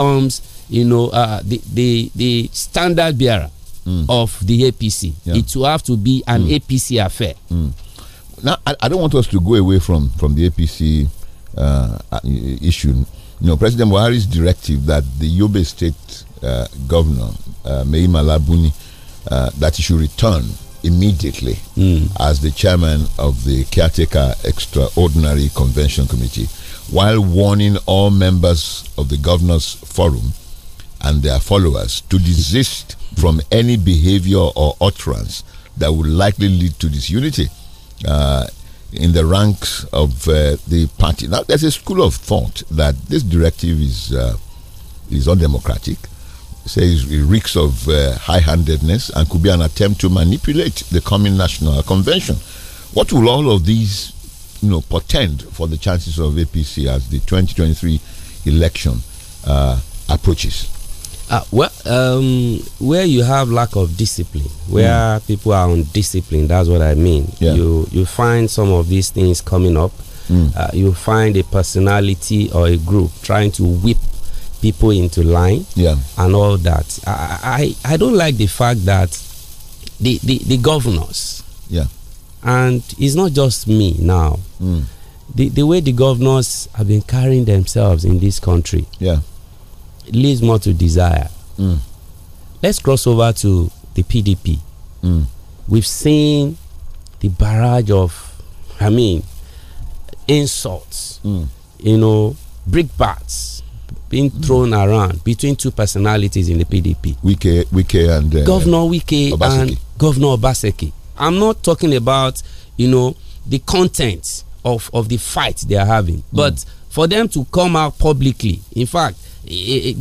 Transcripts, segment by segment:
arms, you know, uh, the, the, the standard bearer mm. of the APC. Yeah. It will have to be an mm. APC affair. Mm. Now, I, I, don't want us to go away from, from the APC uh, uh issue. You know, President Buhari's directive that the Yobe State uh, governor, uh, Labuni, uh, that he should return immediately mm. as the chairman of the caretaker extraordinary convention committee while warning all members of the Governors Forum and their followers to desist from any behavior or utterance that would likely lead to disunity uh, in the ranks of uh, the party. Now, there's a school of thought that this directive is uh, is undemocratic. It says it reeks of uh, high-handedness and could be an attempt to manipulate the coming national convention. What will all of these you know, portend for the chances of APC as the 2023 election uh, approaches? Uh, well, um, where you have lack of discipline, where mm. people are undisciplined, that's what I mean. Yeah. You you find some of these things coming up. Mm. Uh, you find a personality or a group trying to whip people into line yeah. and all that. I, I, I don't like the fact that the, the, the governors, yeah and it's not just me now. Mm. The, the way the governors have been carrying themselves in this country yeah. leaves more to desire. Mm. Let's cross over to the PDP. Mm. We've seen the barrage of, I mean, insults, hmm. you know, brickbats being hmm. thrown around between two personalities in the PDP. Wike, Wike and uh, Governor Wike Obaseki. and Governor Obaseki. I'm not talking about, you know, the content of, of the fight they are having. Mm. But for them to come out publicly, in fact,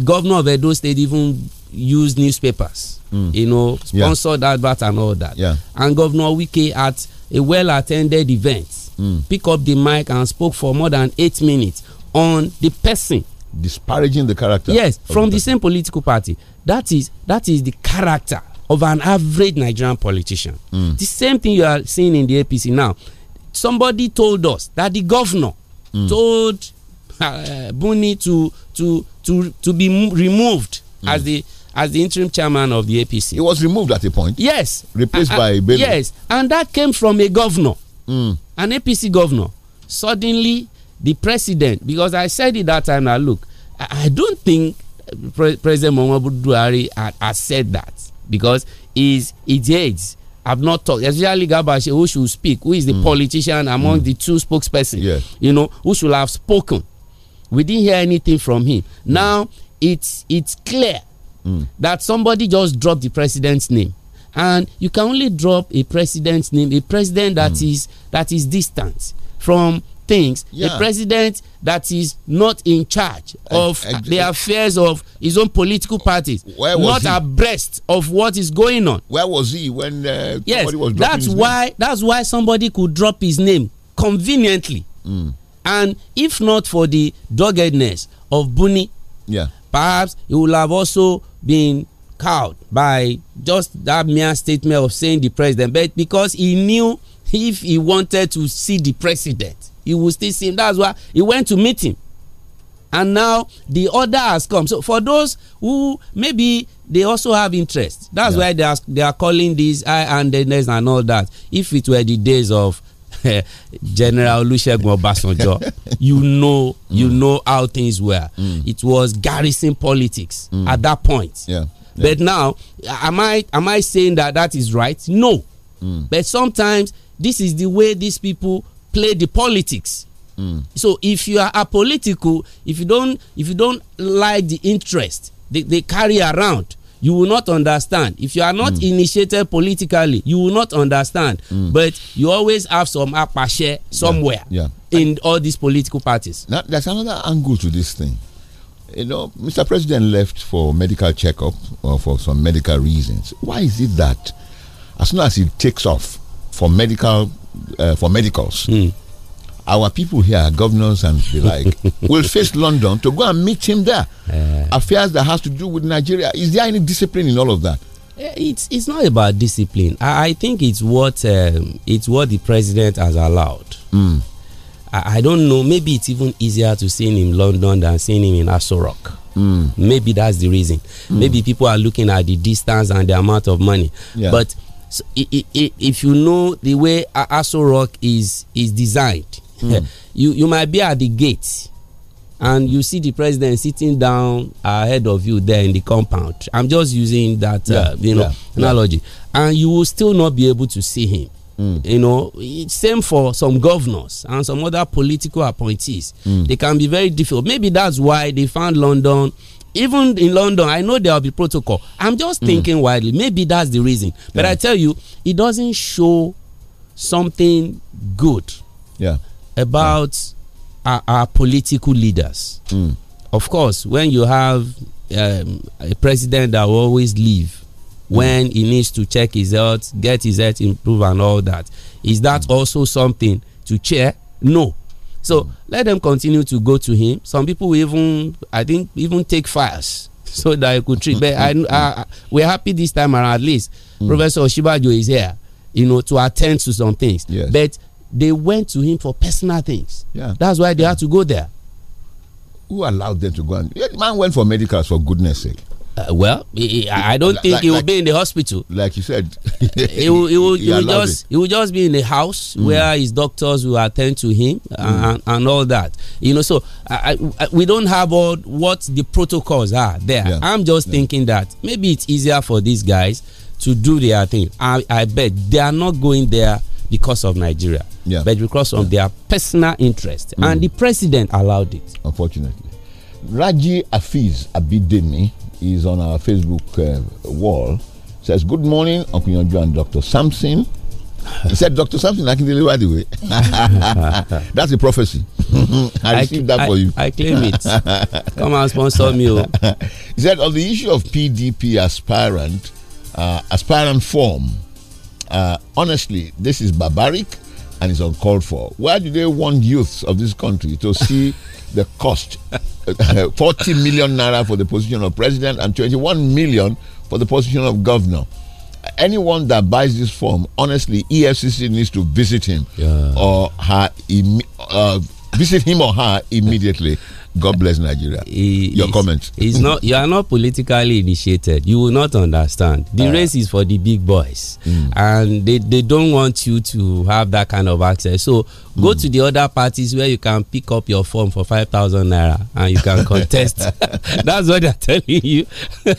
governor of Edo State even used newspapers, mm. you know, sponsored yeah. advert and all that. Yeah. And Governor Wike at a well attended event mm. picked up the mic and spoke for more than eight minutes on the person. Disparaging the character. Yes, from the, the same political party. That is that is the character of an average Nigerian politician. Mm. The same thing you are seeing in the APC now. Somebody told us that the governor mm. told uh, Buni to to to to be removed mm. as the as the interim chairman of the APC. He was removed at a point. Yes. Replaced uh, by Bello. Yes, and that came from a governor, hmm. an APC governor. Suddenly, the president, because I said it that time. Now look, I, I don't think uh, President Muhammadu Buhari has said that because his i have not talked especially gabashi who should speak who is the mm. politician among mm. the two spokesperson yes. you know who should have spoken we didn't hear anything from him mm. now it's it's clear mm. that somebody just dropped the president's name and you can only drop a president's name a president that mm. is that is distant from things yeah. a president that is not in charge of I, I, the affairs of his own political parties not he? abreast of what is going on where was he when uh, yes that's why name? that's why somebody could drop his name conveniently mm. and if not for the doggedness of buni yeah. perhaps he would have also been cowed by just that mere statement of saying the president but because he knew if he wanted to see the president you will still see him. That's why he went to meet him. And now the order has come. So for those who maybe they also have interest, that's yeah. why they are, they are calling these high-handedness and all that. If it were the days of General Olusegun Obasanjo, you know, you mm. know how things were. Mm. It was garrison politics mm. at that point. Yeah. Yeah. But now, am I am I saying that that is right? No. Mm. But sometimes this is the way these people play the politics. Mm. So if you are apolitical, if you don't if you don't like the interest they, they carry around, you will not understand. If you are not mm. initiated politically, you will not understand. Mm. But you always have some apache somewhere yeah, yeah. in all these political parties. Now, there's another angle to this thing. You know, Mr. President left for medical checkup or uh, for some medical reasons. Why is it that as soon as he takes off for medical uh, for medicals. Mm. Our people here, governors and the like, will face London to go and meet him there. Uh, Affairs that has to do with Nigeria. Is there any discipline in all of that? Eh, it's it's not about discipline. I, I think it's what um, it's what the president has allowed. Mm. I, I, don't know. Maybe it's even easier to see him in London than seeing him in Asorok. Mm. Maybe that's the reason. Hmm. Maybe people are looking at the distance and the amount of money. Yeah. But so if you know the way Aso Rock is is designed, mm. you you might be at the gate, and you see the president sitting down ahead of you there in the compound. I'm just using that uh, yeah, uh, you know yeah, analogy, yeah. and you will still not be able to see him. Mm. You know, same for some governors and some other political appointees. Mm. They can be very difficult. Maybe that's why they found London even in london i know there will be protocol i'm just hmm. thinking wildly. maybe that's the reason but yeah. i tell you it doesn't show something good yeah. about our, our, political leaders mm. of course when you have um, a president that will always leave hmm. when he needs to check his health get his health improved and all that is that hmm. also something to cheer no so mm. let them continue to go to him. Some people even, I think, even take fires so that I could treat. but I, I, we're happy this time around, at least. Mm. Professor Oshibajo is here, you know, to attend to some things. Yes. But they went to him for personal things. Yeah. That's why they yeah. had to go there. Who allowed them to go? And, the man went for medicals, for goodness sake. Uh, well, I don't like, think he will like, be in the hospital. Like you said, he will, he will, he will just it. he will just be in the house mm. where his doctors will attend to him mm. and, and, all that. You know, so I, I, we don't have all what the protocols are there. Yeah. I'm just yeah. thinking that maybe it's easier for these guys to do their thing. I, I bet they are not going there because of Nigeria, yeah. but because of their personal interest. Mm. And the president allowed it. Unfortunately. Raji Afiz Abidemi is on our Facebook uh, wall says, Good morning, Uncle Yonju and Dr. Samson. He said, Dr. Samson, I can deliver the way. That's a prophecy. I received that I, for you. I claim it. Come and sponsor me. Oh. he said, On the issue of PDP aspirant, uh, aspirant form, uh, honestly, this is barbaric and it's uncalled for. Why do they want youths of this country to see the cost? Uh, 40 million naira for the position of president and 21 million for the position of governor. Anyone that buys this form, honestly, EFCC needs to visit him yeah. or her, uh, visit him or her immediately God bless Nigeria. Your comment. It's not. You are not politically initiated. You will not understand. The uh, race is for the big boys, mm. and they they don't want you to have that kind of access. So Go to the other parties where you can pick up your form for 5,000 naira and you can contest. That's what they're telling you.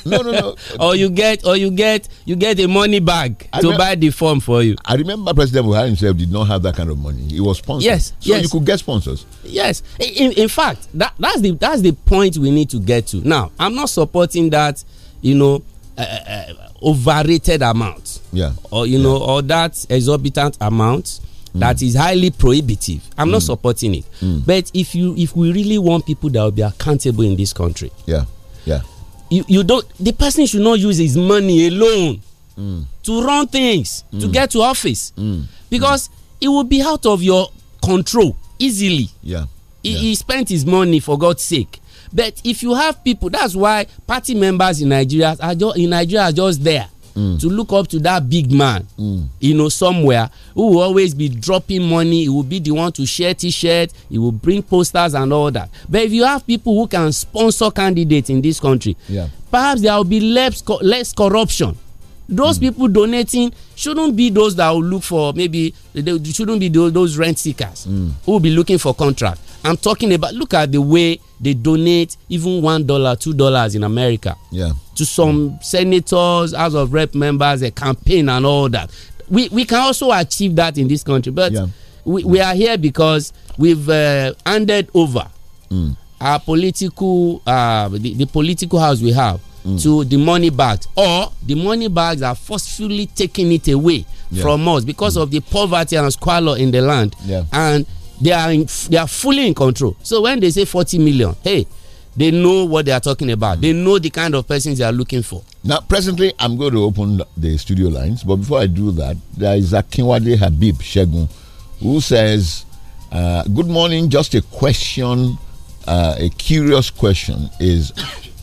no, no, no. or you get or you get you get a money bag I to buy the form for you. I remember President Buhari himself did not have that kind of money. He was sponsored. Yes, so yes. you could get sponsors. Yes. In, in fact, that, that's the that's the point we need to get to. Now, I'm not supporting that, you know, uh, uh, uh overrated amount. Yeah. Or you yeah. know, or that exorbitant amount that is highly prohibitive. I'm mm. not supporting it. Mm. But if you if we really want people that will be accountable in this country, yeah, yeah, you you don't the person should not use his money alone mm. to run things to mm. get to office mm. because it will be out of your control easily. Yeah. He, yeah. he spent his money for God's sake. But if you have people, that's why party members in Nigeria are just, in Nigeria are just there Mm. to look up to that big man mm. you know somewhere who will always be dropping money he will be the one to share t-shirt he will bring posters and all that but if you have people who can sponsor candidates in this country yeah. perhaps there will be less, less corruption those mm. people donating shouldn't be those that will look for maybe they shouldn't be those, those rent seekers mm. who will be looking for contract i'm talking about look at the way they donate even one dollar two dollars in america yeah. to some mm. senators as of rep members a campaign and all that we we can also achieve that in this country but yeah. we, we are here because we've uh, handed over hmm. our political uh, the, the political house we have mm. to the money bags or the money bags are forcefully taking it away yeah. from us because mm. of the poverty and squalor in the land yeah. and they are in, they are fully in control so when they say 40 million hey they know what they are talking about mm. they know the kind of persons they are looking for now presently i'm going to open the studio lines but before i do that there is akinwade habib shegun who says uh, good morning just a question uh, a curious question is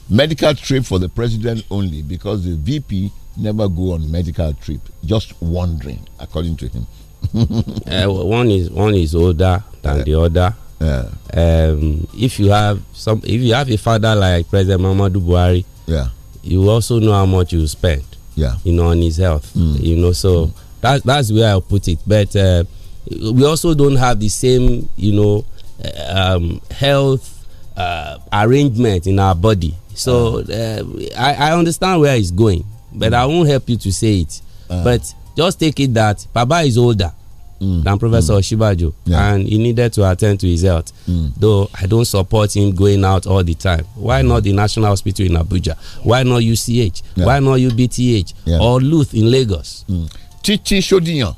Medical trip for the president only because the VP never go on medical trip. Just wondering, according to him. uh, one is one is older than the other. Yeah. Um, if you have some, if you have a father like President Muhammadu Buhari, yeah, you also know how much you spend. Yeah, you know on his health. Mm. You know, so mm. that that's where I put it. But uh, we also don't have the same, you know, uh, um, health uh, arrangement in our body. So uh, I, I understand where it's going, but I won't help you to say it. Uh. but just take it that Baba is older mm. than Professor mm. Shibajo, yeah. and he needed to attend to his health. Mm. Though I don't support him going out all the time. Why not the National Hospital in Abuja? Why not UCH? Yeah. Why not UBTH yeah. or Luth in Lagos? Mm. Chichi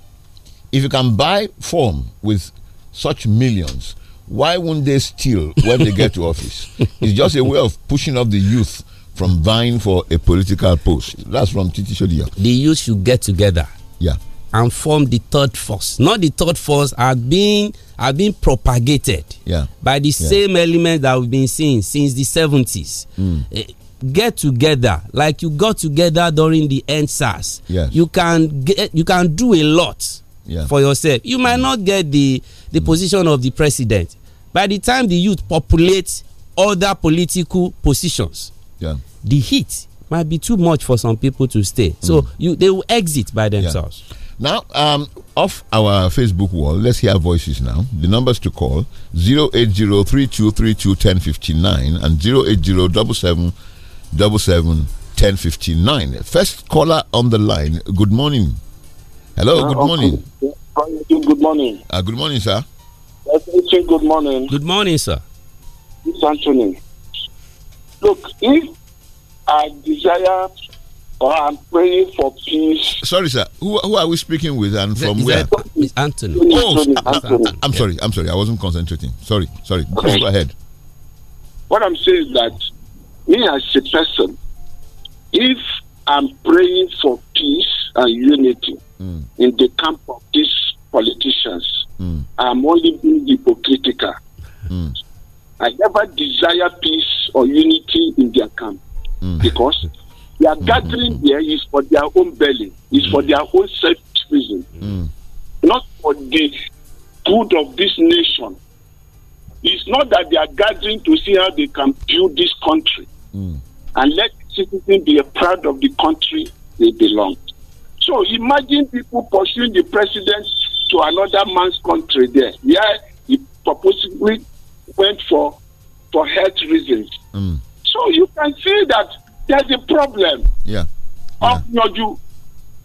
if you can buy form with such millions, why won't they steal when they get to office? It's just a way of pushing off the youth from vying for a political post. That's from Titi Shodia. The youth should get together. Yeah. And form the third force. Not the third force are being are being propagated yeah. by the yeah. same element that we've been seeing since the 70s. Mm. Eh, get together like you got together during the NSAS. Yes. You can get you can do a lot yeah. for yourself. You might mm. not get the the mm. position of the president, by the time the youth populate other political positions yeah. the heat might be too much for some people to stay so mm. you they will exit by themselves yeah. Now, um, off our Facebook wall, let's hear voices now. The numbers to call 08032321059 and 08077771059. First caller on the line. Good morning. Hello, ah, good morning. Good morning. Uh, good morning, sir. Good morning. Good morning, sir. It's Anthony. Look, if I desire or I'm praying for peace. Sorry, sir. Who, who are we speaking with and is from where? That, Anthony. Oh, Anthony. I'm sorry. I'm sorry. I wasn't concentrating. Sorry. Sorry. Okay. Go ahead. What I'm saying is that me as a person, if I'm praying for peace and unity mm. in the camp of this politicians. Mm. I'm only being hypocritical. Mm. I never desire peace or unity in their camp mm. because their mm. gathering there is for their own belly, is for hmm. their own selfish reason, hmm. not for the good of this nation. It's not that they are gathering to see how they can build this country hmm. and let citizens be proud of the country they belong. So imagine people pursuing the president to another man's country there Yeah, he purposely went for for health reasons. Mm. So you can see that there's a problem yeah. of yeah. Noju.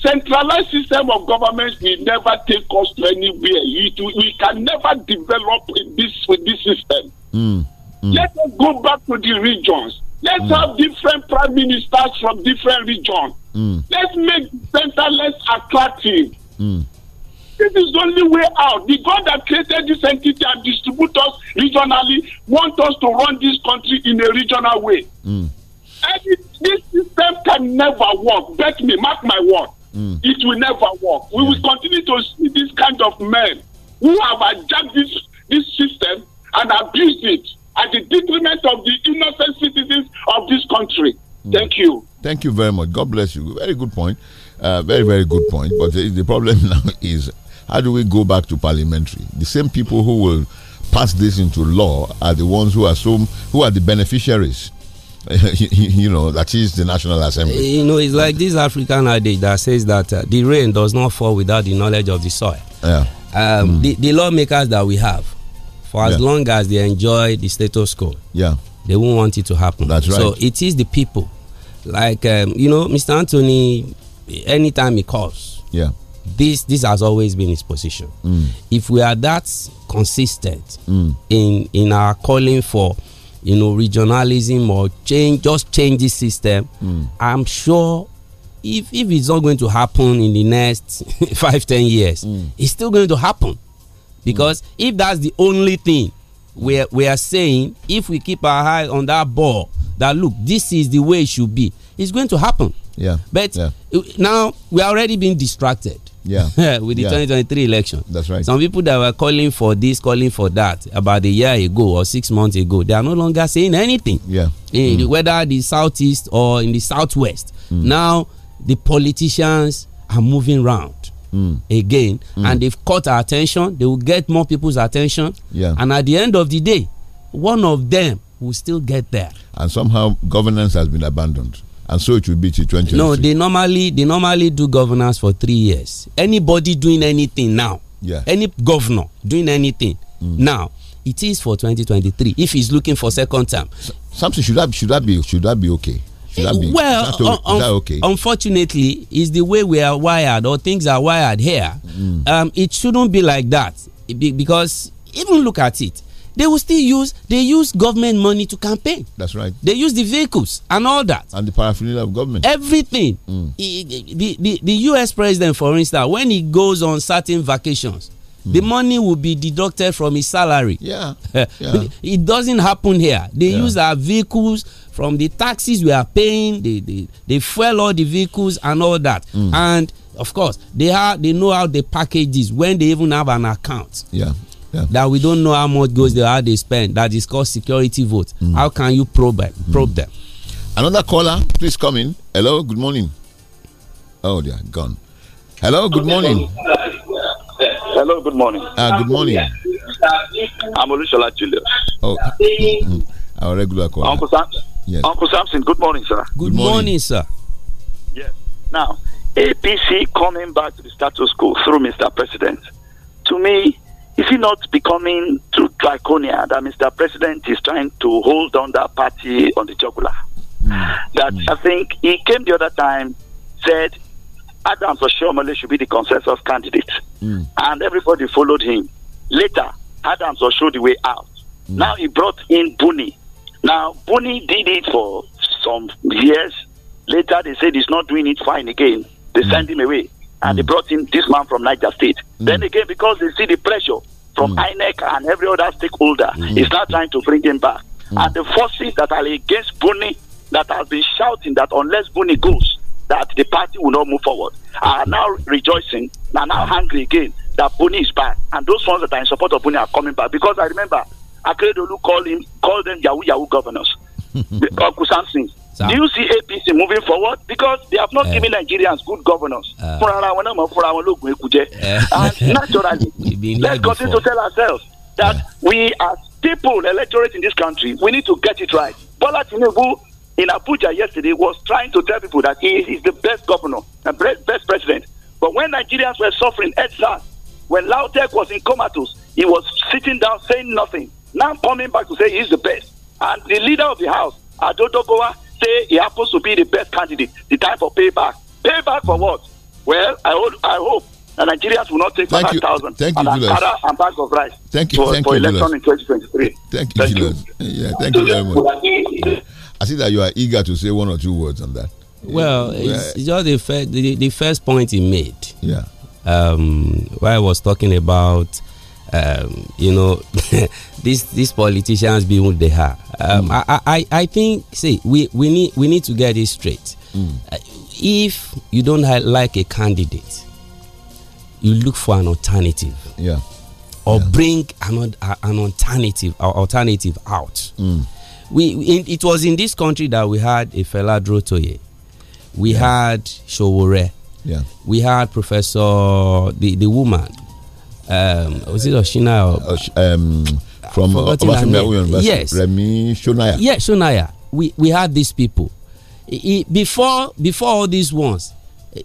Centralized system of government will never take us to anywhere. It, we can never develop this with this system. Mm. Mm. Let us go back to the regions. Let's mm. have different prime ministers from different regions. Mm. Let's make centralized attractive. Mm. This is the only way out. The God that created this entity and distributes us regionally wants us to run this country in a regional way. Mm. And it, this system can never work. Bet me, mark my word. Mm. It will never work. We yeah. will continue to see this kind of men who have adjusted this, this system and abused it at the detriment of the innocent citizens of this country. Mm. Thank you. Thank you very much. God bless you. Very good point. Uh, very, very good point. But the problem now is how do we go back to parliamentary? The same people who will pass this into law are the ones who assume who are the beneficiaries. you know, that is the National Assembly. You know, it's like this African idea that says that uh, the rain does not fall without the knowledge of the soil. Yeah. Um, mm. the, the, lawmakers that we have, for as yeah. long as they enjoy the status quo, yeah, they won't want it to happen. That's right. So it is the people, like um, you know, Mr. Anthony. Anytime he calls, yeah, this this has always been his position. Mm. If we are that consistent mm. in in our calling for you know regionalism or change just change the system, mm. I'm sure if if it's not going to happen in the next five ten years, mm. it's still going to happen because mm. if that's the only thing we we are saying, if we keep our eye on that ball, that look this is the way it should be, it's going to happen. Yeah. But yeah. now we are already being distracted. Yeah. with the yeah. 2023 election. That's right. Some people that were calling for this, calling for that about a year ago or six months ago, they are no longer saying anything. Yeah. In, mm. Whether the southeast or in the southwest. Mm. Now the politicians are moving round. Mm. again mm. and they've caught our attention they will get more people's attention yeah. and at the end of the day one of them will still get there and somehow governance has been abandoned and so it will be to 20. No, they normally they normally do governance for three years. Anybody doing anything now, yeah. any governor doing anything mm. now, it is for 2023. If he's looking for second term, S something should that should that be should that be okay? Should that be, well, that, that okay? unfortunately, is the way we are wired or things are wired here. Mm. Um, it shouldn't be like that because even look at it they will still use they use government money to campaign. That's right. They use the vehicles and all that. And the paraphernalia of government. Everything. Mm. He, the, the the U.S. president, for instance, when he goes on certain vacations, Mm. the money will be deducted from his salary. Yeah. yeah. it doesn't happen here. They yeah. use our vehicles from the taxes we are paying, they, they, they fuel all the vehicles and all that. Mm. And of course, they are they know how they package this when they even have an account. Yeah yeah. that we don't know how much goes there, how they spend. That is called security vote. Mm. How can you probe mm. probe them? Another caller, please come in. Hello, good morning. Oh, they are gone. Hello, good morning. Hello, good morning. Ah, good morning. I'm Olushola Julius. Oh, ah, mm, mm, our regular caller. Uncle, Sam yes. Uncle Samson, good morning, sir. Good, good morning. morning, sir. Yes. Now, APC coming back to the status quo through Mr. President, to me, is it not becoming too draconian that Mr. President is trying to hold on that party on the jugular? Mm. That mm. I think he came the other time, said Adams Oshomole should be the consensus candidate, mm. and everybody followed him. Later, Adams was showed the way out. Mm. Now he brought in Buni. Now Buni did it for some years. Later, they said he's not doing it fine again. They sent him away and they mm. brought in this man from Niger State. Mm. Then again, because they see the pressure from mm. INEC and every other stakeholder, mm. is now trying to bring him back. And the forces that are against Buni that have been shouting that unless Buni goes, that the party will not move forward are now rejoicing and now angry again that Buni is back. And those ones that are in support of Buni are coming back. Because I remember Akeredolu called him called them Yahoo Yahoo governors. The Samson do you see APC moving forward? Because they have not uh, given Nigerians good governance. Eh. Eh. and naturally, let's continue to tell ourselves that uh, we as people, electorate in this country, we need to get it right. Bola Tinubu in Abuja yesterday was trying to tell people that he is the best governor and best president. But when Nigerians were suffering exile, when Lautek was in comatose, he was sitting down saying nothing. Now coming back to say he's the best. And the leader of the house, Adodogowa, say he happens to be the best candidate, the time for payback. Payback for what? Well, I hope, I hope that Nigerians will not take thank 5,000 and, and bags of rice thank you, for, thank for you, election Julius. in 2023. Thank you, thank you. Yeah, thank you very much. I see that you are eager to say one or two words on that. Well, yeah. it's just the, the, the, first point he made. Yeah. Um, where I was talking about um, you know, these these politicians being what they are. Um, mm. I, I I think see we, we need we need to get this straight. Mm. Uh, if you don't like a candidate, you look for an alternative. Yeah. Or yeah. bring an, an alternative alternative out. Mm. We in, it was in this country that we had a fella Drotoye. We yeah. had Showore. Yeah. We had Professor the, the woman um, was it Oshina? Or, uh, um, from Obafemi University. Yes. Remy Shonaya. Yes, Shonaya. We we had these people it, before before all these ones.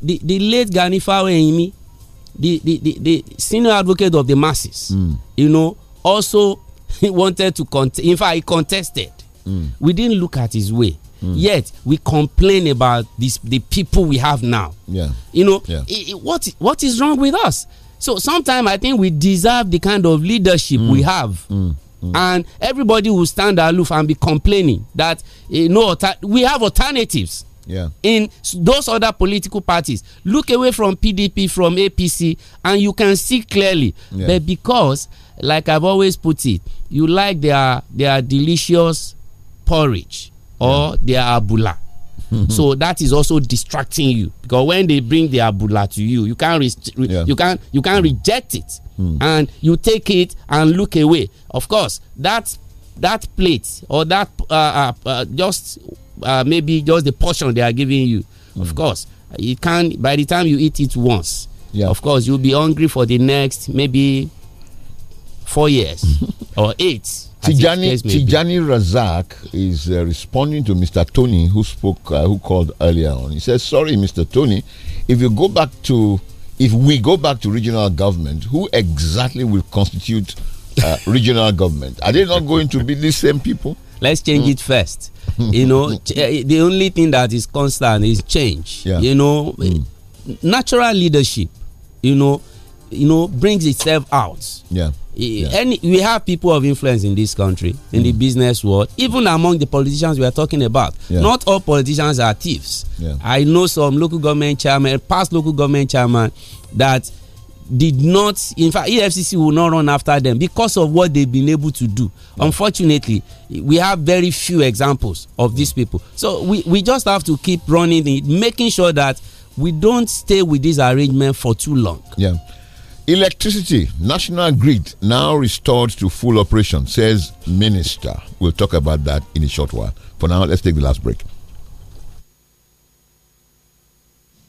The, the late Gani Faweimi, the, the, the, the senior advocate of the masses, mm. you know, also he wanted to contest. In fact, he contested. Mm. We didn't look at his way. Mm. Yet we complain about this the people we have now. Yeah. You know, yeah. It, it, what what is wrong with us? So sometimes I think we deserve the kind of leadership mm. we have. Mm. Mm. And everybody will stand aloof and be complaining that you eh, know we have alternatives. Yeah. In those other political parties, look away from PDP, from APC, and you can see clearly. Yeah. But because, like I've always put it, you like their their delicious porridge or yeah. their abula. so that is also distracting you because when they bring the abula to you you can't yeah. you can you can reject it mm. and you take it and look away of course that that plate or that uh, uh, uh just uh, maybe just the portion they are giving you mm. of hmm. course it can by the time you eat it once yeah. of course you'll be hungry for the next maybe four years or eight Tijani, Tijani Razak is uh, responding to Mr. Tony, who spoke, uh, who called earlier on. He says, "Sorry, Mr. Tony, if you go back to, if we go back to regional government, who exactly will constitute uh, regional government? Are they not going to be the same people? Let's change mm. it first. You know, eh, the only thing that is constant is change. Yeah. You know, mm. natural leadership. You know, you know brings itself out. Yeah. yeah. Any we have people of influence in this country, in mm. the business world, even among the politicians we are talking about. Yeah. Not all politicians are thieves. Yeah. I know some local government chairman, past local government chairman, that did not in fact efcc will not run after them because of what they've been able to do yeah. unfortunately we have very few examples of yeah. these people so we, we just have to keep running it making sure that we don't stay with this arrangement for too long yeah Electricity, national grid now restored to full operation, says Minister. We'll talk about that in a short while. For now, let's take the last break.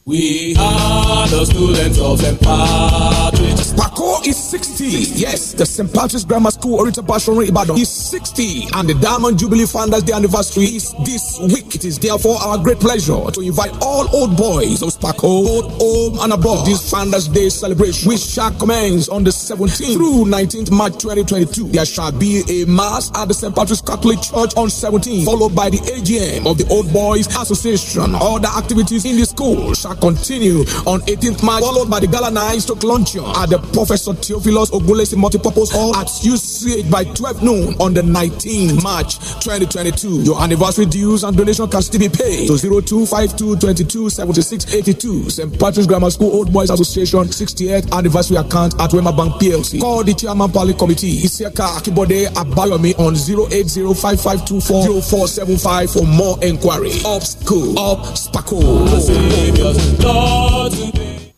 We are the students of St. Patrick's. Paco is 60. Yes, the St. Patrick's Grammar School, Orita Bashonri Ibadan is 60. And the Diamond Jubilee Founders Day anniversary is this week. It is therefore our great pleasure to invite all old boys of Paco, both home and abroad. This Founders Day celebration, which shall commence on the 17th through 19th March 2022. There shall be a mass at the St. Patrick's Catholic Church on 17th, followed by the AGM of the Old Boys Association. Other activities in the school shall shall continue on 18th March, followed by the gala nights to luncheon at the Professor Theophilus Ogulesi Multipurpose Hall at UCH by 12 noon on the 19th March 2022. Your anniversary dues and donation can still be paid to 0252227682 St. Patrick's Grammar School Old Boys Association 68th Anniversary Account at Wema Bank PLC. Call the Chairman Public Committee Isiaka Akibode Abayomi on 08055240475 for more inquiry. Up school, up spaco. Lord, today.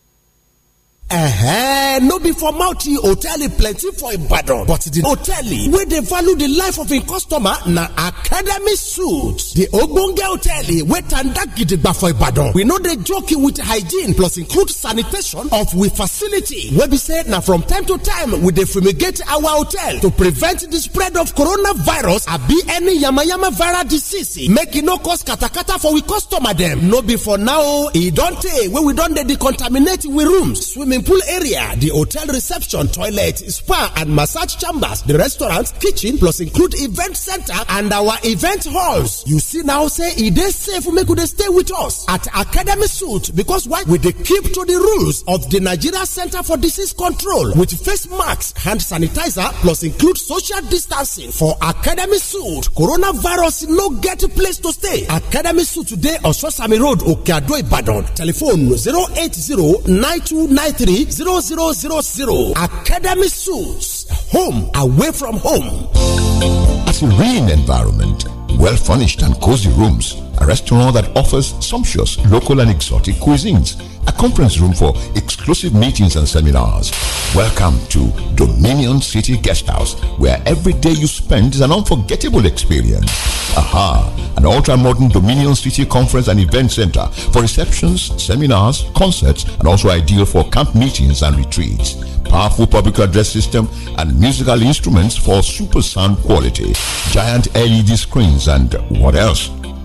uh no be for mouth hotel plenty for ibadan but di hotel wey dey value the life of im customer na academy suite di ogbonge hotel wey tanda gidigba for ibadan we no dey joking with hygiene plus include sanitation of we facility wey be say na from time to time we dey fumigate our hotel to prevent the spread of coronavirus abi any yamayama viral disease make e no cause katakata for we customer dem no be for now e don tey wey we don dey decontaminate we rooms swimming swimming pool area, the hotel reception, toilet, spa and massage chambers, the restaurant, kitchen plus include event center and our event halls. You see now say e dey safe make we stay with us at Academy Suit because why we dey keep to the rules of the Nigeria Center for Disease Control with face masks, hand sanitizer plus include social distancing for Academy Suit. Coronavirus no get a place to stay. Academy Suit today, Ososami Road, Okeado, Ibadan. Telephone 080 9293 three zero zero zero zero Academy Suits home away from home. A serene environment, well furnished and cozy rooms a restaurant that offers sumptuous local and exotic cuisines, a conference room for exclusive meetings and seminars. Welcome to Dominion City Guesthouse, where every day you spend is an unforgettable experience. Aha, an ultra-modern Dominion City Conference and Event Center for receptions, seminars, concerts, and also ideal for camp meetings and retreats. Powerful public address system and musical instruments for super sound quality. Giant LED screens and what else?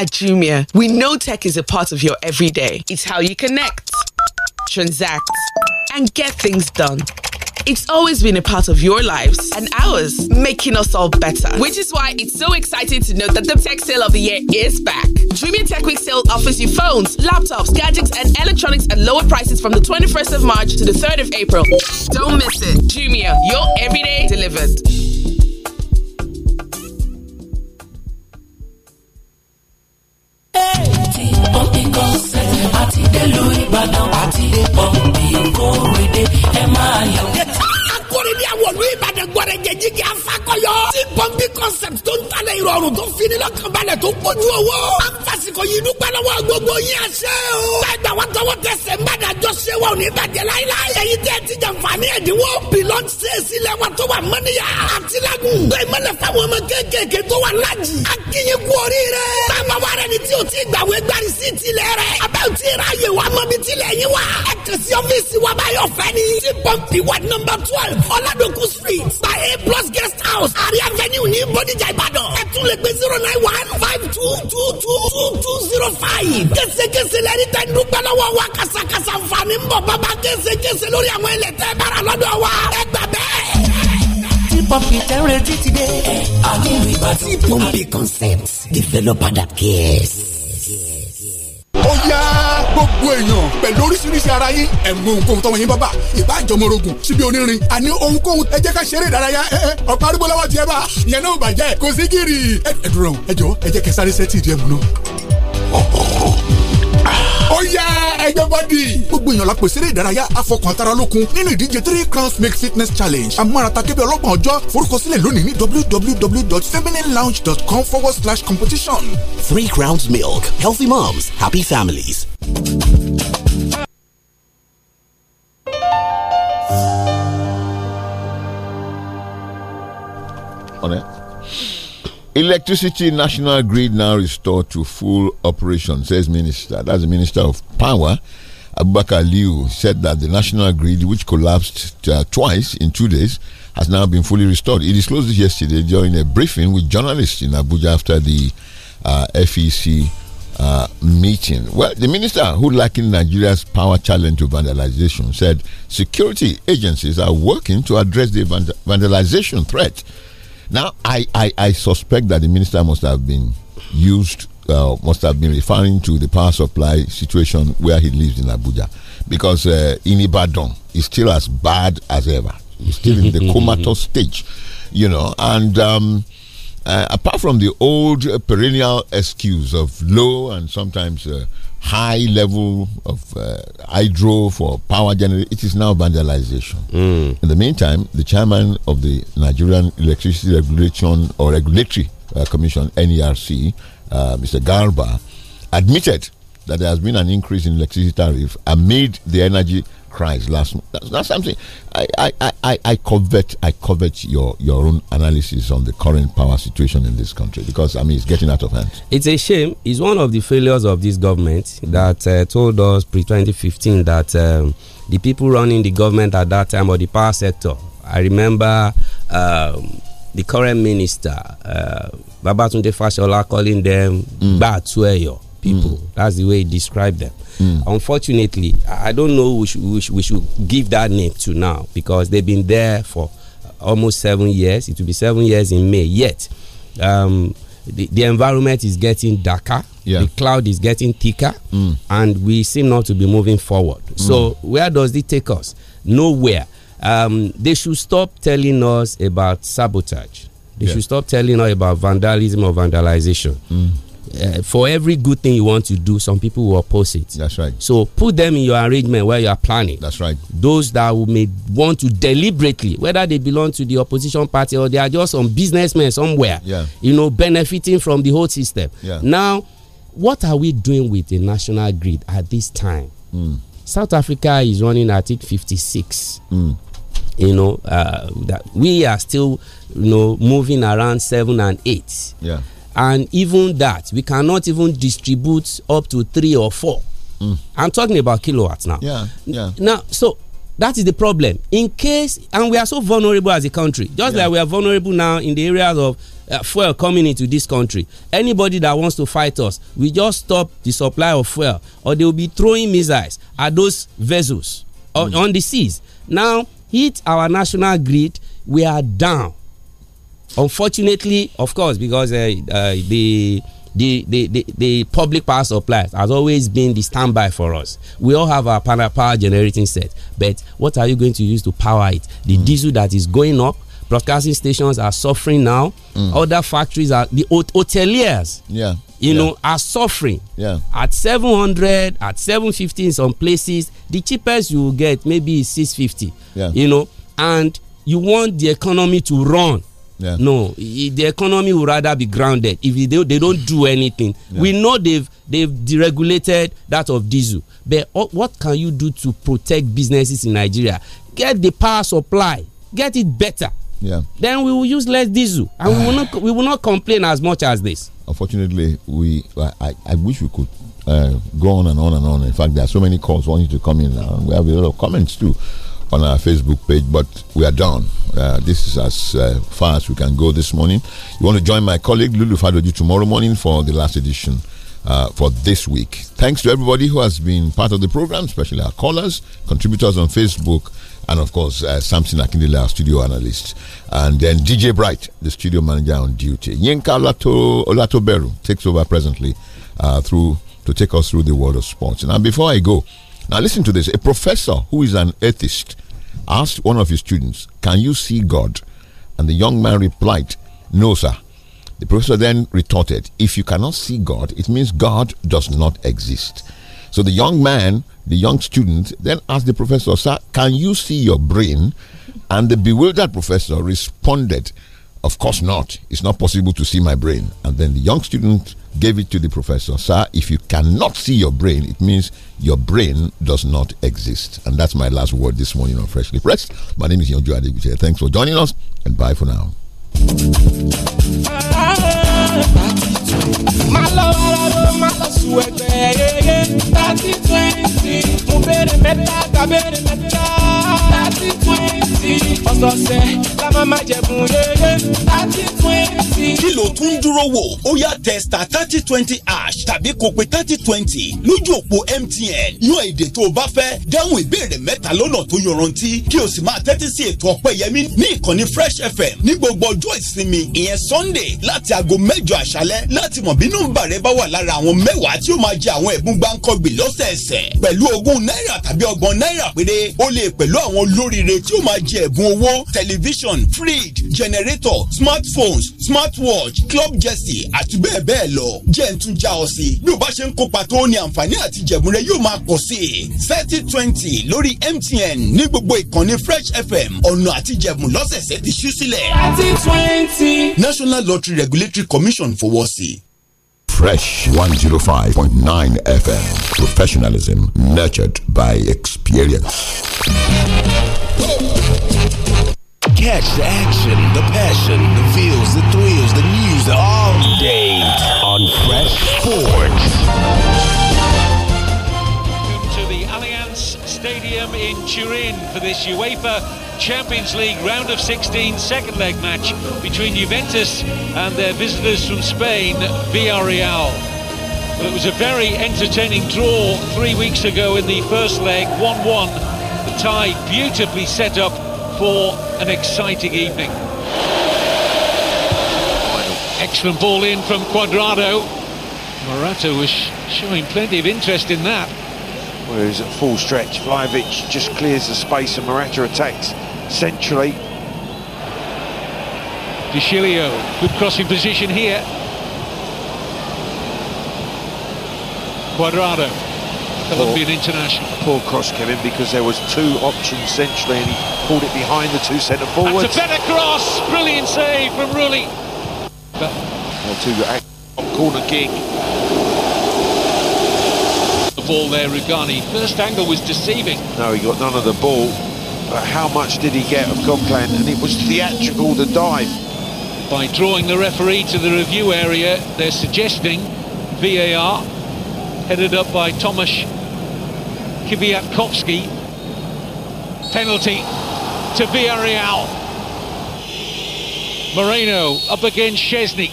At Jumia, we know tech is a part of your everyday. It's how you connect, transact, and get things done. It's always been a part of your lives and ours, making us all better. Which is why it's so exciting to note that the tech sale of the year is back. Jumia Tech Week sale offers you phones, laptops, gadgets, and electronics at lower prices from the 21st of March to the 3rd of April. Don't miss it. Jumia, your everyday delivered. ti pọ́ǹpì kọ́nsẹ̀tì àti délùú ìbàdàn àti pọ́ǹpì kórèdè ẹ máa yọ̀ lórí ní àwọn olú ìbàdàn gbọ́dọ̀ jẹjí kí a fakọyọ. tí pọ́ńpì concept tó ń talẹ̀ ìrọ̀rùn tó fi ní lọ́kànbalẹ̀ tó kojú owó. a ń fasikọ yìí dúpẹ́ lọ́wọ́ gbogbo yín àṣẹ o. gbàgbà wa tọwọ́ tẹsẹ̀ ń bàdà jọ ṣé wa ò ní bàjẹ́ láíláí. èyí tẹ́ ti jàǹfààní ẹ̀dínwó. pilọ́t sèèsì lẹ wa tó wà mọ́níyà. àtìlágùn bẹ́ẹ̀ mọ́lẹ̀ fáwọn ọmọ kéékèèké tó wà lájì. a kì í kú oríire. báwa wa rẹ ni tí o ti gbàwé gbari sí tilẹ̀ rẹ. abẹ́ ò ti ra àyè wa mọ́bi tilẹ̀ yín wa. ẹ kàn sí ọ́fíìsì wa báyọ̀ fẹ́ ni. tí pọ́ǹpì wa nọ́mbà twelve ọ̀làdọ̀kù street by a plus guest house àrí avenue ní bodijà ìbàdàn ẹ tún lè gbé zero nine one five two two two two two zero five kẹsẹkẹsẹ lẹ́ni tẹ́ ń dúpẹ́ lọ́wọ́ wa kàṣàkàṣà nfààní ń bọ̀ bàbá kẹsẹkẹsẹ lórí àwọn ilẹ̀ tẹ́ bára lọ́dọ̀ wa ẹ gbà bẹ́ẹ̀ pọ́ǹpì tẹ́ ń retí ti dé. àní ìbá tí pọ́ǹpì concepts developer that cares. ó yá gbogbo èèyàn pẹ̀lú oríṣiríṣi ara yín ẹ̀ mú ohunkóhun tọ́wọ́ yín bá bà ìbá àjọmọ́rogùn síbi onírin àní ohunkóhun ẹ jẹ́ ká ṣeré ìdárayá ẹ ẹ ọ̀pá arúgbó lọ́wọ́ tiẹ̀ bá ìyẹn náà bàjẹ́ kò sí gírì ẹ dúró ẹ jọ ẹ jẹ́ kẹsàrí sẹ́tì ìdí ẹ̀mú náà ó yá ẹjọ́ bọ́dì. gbogbo èèyàn la pèsè eré ìdárayá afọkàntara lókun nínú ìdíje three crowns make fitness challenge amárata kébé ọlọ́gbọ̀n ọjọ́ forúkọsílẹ̀ lónìí ní www.femininelounge.com forward slash competition. three crowns milk healthy moms happy families. Electricity national grid now restored to full operation, says Minister. That's the Minister of Power. Abubakar Liu said that the national grid, which collapsed uh, twice in two days, has now been fully restored. He disclosed this yesterday during a briefing with journalists in Abuja after the uh, FEC uh, meeting. Well, the minister who likened Nigeria's power challenge to vandalization said security agencies are working to address the vandalization threat. Now, I, I, I, suspect that the minister must have been used, uh, must have been referring to the power supply situation where he lives in Abuja. Because uh, in Ibadan, is still as bad as ever. It's still in the comatose stage, you know. And um, uh, apart from the old uh, perennial excuse of low and sometimes uh, high level of uh, hydro for power generation, it is now vandalization. Mm. In the meantime, the chairman of the Nigerian Electricity Regulation or Regulatory uh, Commission, NERC, uh, Mr. Garba, admitted that there has been an increase in electricity tariff amid the energy crisis last month. That's, that's something I, I, I, I covet. I covet your your own analysis on the current power situation in this country because I mean it's getting out of hand. It's a shame. It's one of the failures of this government that uh, told us pre 2015 that um, the people running the government at that time or the power sector. I remember. Um, the current minister, uh, Babatunde Fashola, calling them mm. Batueyo people. Mm. That's the way he described them. Mm. Unfortunately, I don't know we should, we should, we, should, give that name to now because they've been there for almost seven years. It will be seven years in May. Yet, um, the, the environment is getting darker. Yeah. The cloud is getting thicker, mm. and we seem not to be moving forward. Mm. So, where does it take us? Nowhere. Um, they should stop telling us about sabotage. They yeah. should stop telling us about vandalism or vandalization. Mm. Uh, for every good thing you want to do, some people will oppose it. That's right. So put them in your arrangement where you are planning. That's right. Those that may want to deliberately, whether they belong to the opposition party or they are just some businessmen somewhere, yeah. you know, benefiting from the whole system. Yeah. Now, what are we doing with the national grid at this time? Mm. South Africa is running at it 56. Mm you know uh, that we are still you know moving around seven and eight yeah and even that we cannot even distribute up to three or four mm. i'm talking about kilowatts now yeah yeah now so that is the problem in case and we are so vulnerable as a country just yeah. like we are vulnerable now in the areas of uh, fuel coming into this country anybody that wants to fight us we just stop the supply of fuel or they will be throwing missiles at those vessels mm. on, on the seas now hit our national grid we are down Unfortunately, of course, because uh, uh, the the, the, the, the public power supply has always been the standby for us. We all have our power generating set, but what are you going to use to power it? The mm. diesel that is going up, broadcasting stations are suffering now. Mm. Other factories are the hot hoteliers. Yeah. You yeah. know, are suffering. Yeah. At 700, at 750 in some places, the cheapest you will get maybe is 650. Yeah. You know, and you want the economy to run yeah. No, the economy would rather be grounded if they, they don't do anything. Yeah. We know they've they've deregulated that of diesel, but what can you do to protect businesses in Nigeria? Get the power supply, get it better. Yeah. Then we will use less diesel, and we will not we will not complain as much as this. Unfortunately, we I, I wish we could uh, go on and on and on. In fact, there are so many calls wanting to come in We have a lot of comments too on our Facebook page, but we are done. Uh, this is as uh, far as we can go this morning. You want to join my colleague Lulu Fadoji tomorrow morning for the last edition uh, for this week. Thanks to everybody who has been part of the program, especially our callers, contributors on Facebook, and of course, uh, Samson Akindele, our studio analyst, and then DJ Bright, the studio manager on duty. Yinka Olato, Olatoberu takes over presently uh, through to take us through the world of sports. Now, before I go, now, listen to this a professor who is an atheist asked one of his students, Can you see God? And the young man replied, No, sir. The professor then retorted, If you cannot see God, it means God does not exist. So the young man, the young student, then asked the professor, Sir, can you see your brain? And the bewildered professor responded, Of course not. It's not possible to see my brain. And then the young student gave it to the professor. Sir, if you cannot see your brain, it means your brain does not exist. And that's my last word this morning on Freshly Pressed. My name is Yonjo Adebuche. Thanks for joining us and bye for now. thirty two. Má lọ wáráró, má lọ Thirty twenty. Mo béèrè mẹ́ta, gba Thirty twenty. Ọ̀sọ̀ọ̀sẹ̀ la máa ma Thirty twenty. Kí ló tún dúró wò? Ó yá testa thirty twenty ash tàbí kó thirty twenty lójú òpó MTN. Yan èdè tó o bá fẹ́. Dáhùn ìbéèrè mẹ́ta lọ́nà tó yọrantí. Kí o sì máa tẹ́tí sí ètò ọ̀pẹ̀yẹmí ní ìkànnì Fresh FM ní gbogbo ọjọ́ ìsinmi ìyẹn Sunday láti aago mẹ́jọ mẹ́jọ àṣálẹ́ láti mọ̀ bínú bàrẹ́ bá wà lára àwọn mẹ́wàá tí ó máa jẹ àwọn ẹ̀bùn gbáǹkọ́gbìn lọ́sẹ̀ẹsẹ̀ pẹ̀lú ogún náírà tàbí ọgbọ̀n náírà péré ó lè pẹ̀lú àwọn olóríire tí ó máa jẹ ẹ̀bùn owó tẹlifíṣàn fridge generator smartphones smartwatch club jersey àti bẹ́ẹ̀ bẹ́ẹ̀ lọ jẹ́ ń tún já ọ sí bí o bá ṣe ń kópa tó ní àǹfààní àti jẹ̀bùn rẹ yóò máa pọ̀ sí i thirty twenty lórí MTN ní gbogbo ìkànnì Fresh FM ọ̀nà àti jẹ̀bùn lọ́sẹ̀ẹ̀sẹ̀ ti ṣú sílẹ̀. thirty twenty National Lottery Regulatory Commission for WASI. Fresh 105.9 FM. Professionalism nurtured by experience. Catch the action, the passion, the feels, the thrills, the news all day on Fresh Sports. Stadium in Turin for this UEFA Champions League round of 16 second leg match between Juventus and their visitors from Spain, Villarreal. Well, it was a very entertaining draw three weeks ago in the first leg, 1-1. The tie beautifully set up for an exciting evening. Excellent ball in from Quadrado. Morata was showing plenty of interest in that who's at full stretch. Vlaevic just clears the space and Morata attacks centrally. Dicilio, good crossing position here. Quadrado, be an international. Poor cross Kevin, because there was two options centrally and he pulled it behind the two centre forwards. That's a better cross, brilliant save from Rulli. But well, two uh, corner gig the ball there, Rugani. First angle was deceiving. No, he got none of the ball. But how much did he get of Conkland? And it was theatrical, the dive. By drawing the referee to the review area, they're suggesting VAR, headed up by Tomasz Kiviatkovsky. Penalty to Villarreal. Moreno up against Chesney.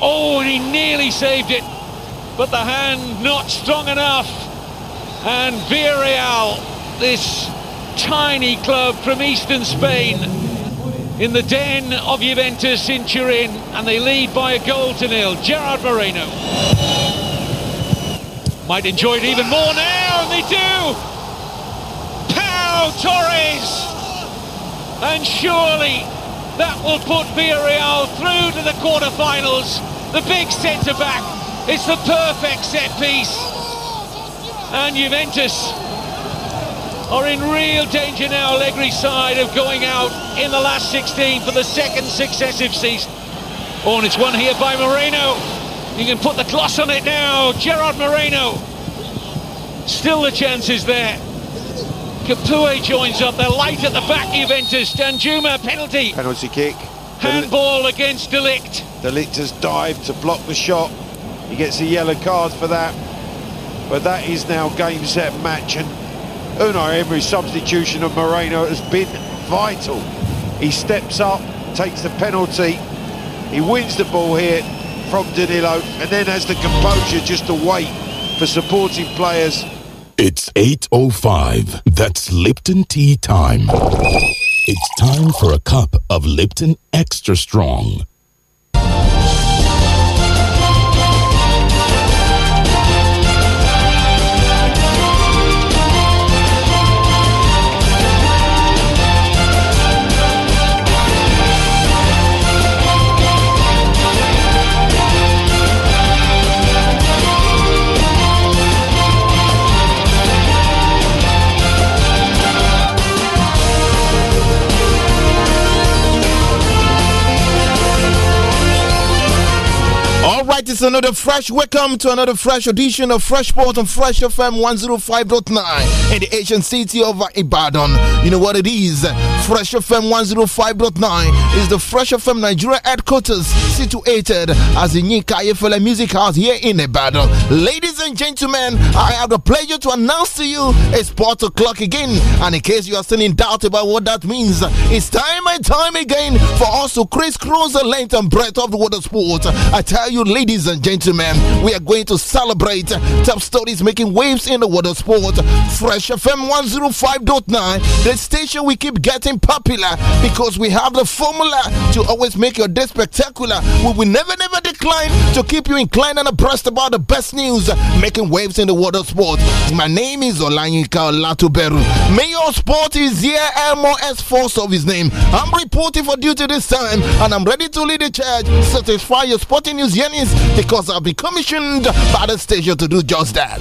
Oh, and he nearly saved it but the hand not strong enough. And Villarreal, this tiny club from eastern Spain, in the den of Juventus in Turin, and they lead by a goal to nil. Gerard Moreno might enjoy it even more now, and they do. Pau Torres, and surely that will put Villarreal through to the quarter-finals. The big centre back it's the perfect set piece. And Juventus are in real danger now, Allegri's side, of going out in the last 16 for the second successive season. Oh, and it's won here by Moreno. You can put the gloss on it now. Gerard Moreno. Still the chances there. Capoue joins up. They're light at the back, Juventus. Danjuma, penalty. Penalty kick. Handball against Delict. Delict has dived to block the shot. He gets a yellow card for that. But that is now game, set, match. And Unai Emery's substitution of Moreno has been vital. He steps up, takes the penalty. He wins the ball here from Danilo and then has the composure just to wait for supporting players. It's 8.05. That's Lipton tea time. It's time for a cup of Lipton Extra Strong. it's another fresh welcome to another fresh edition of Fresh Sports on Fresh FM 105.9 in the ancient city of Ibadan. You know what it is? Fresh FM 105.9 is the Fresh FM Nigeria headquarters situated as the Nika Music House here in Ibadan. Ladies and gentlemen, I have the pleasure to announce to you it's sport o'clock again. And in case you are still in doubt about what that means, it's time and time again for us to crisscross the length and breadth of the water sport. I tell you, ladies ladies and gentlemen, we are going to celebrate top stories making waves in the world of sport. Fresh FM 105.9, the station we keep getting popular because we have the formula to always make your day spectacular. We will never, never decline to keep you inclined and abreast about the best news making waves in the world of sport. My name is Olanyika Latuberu. Mayor Sport is here, MOS Force of his name. I'm reporting for duty this time and I'm ready to lead the charge. Satisfy your sporting news yearnings because i will be commissioned by the station to do just that.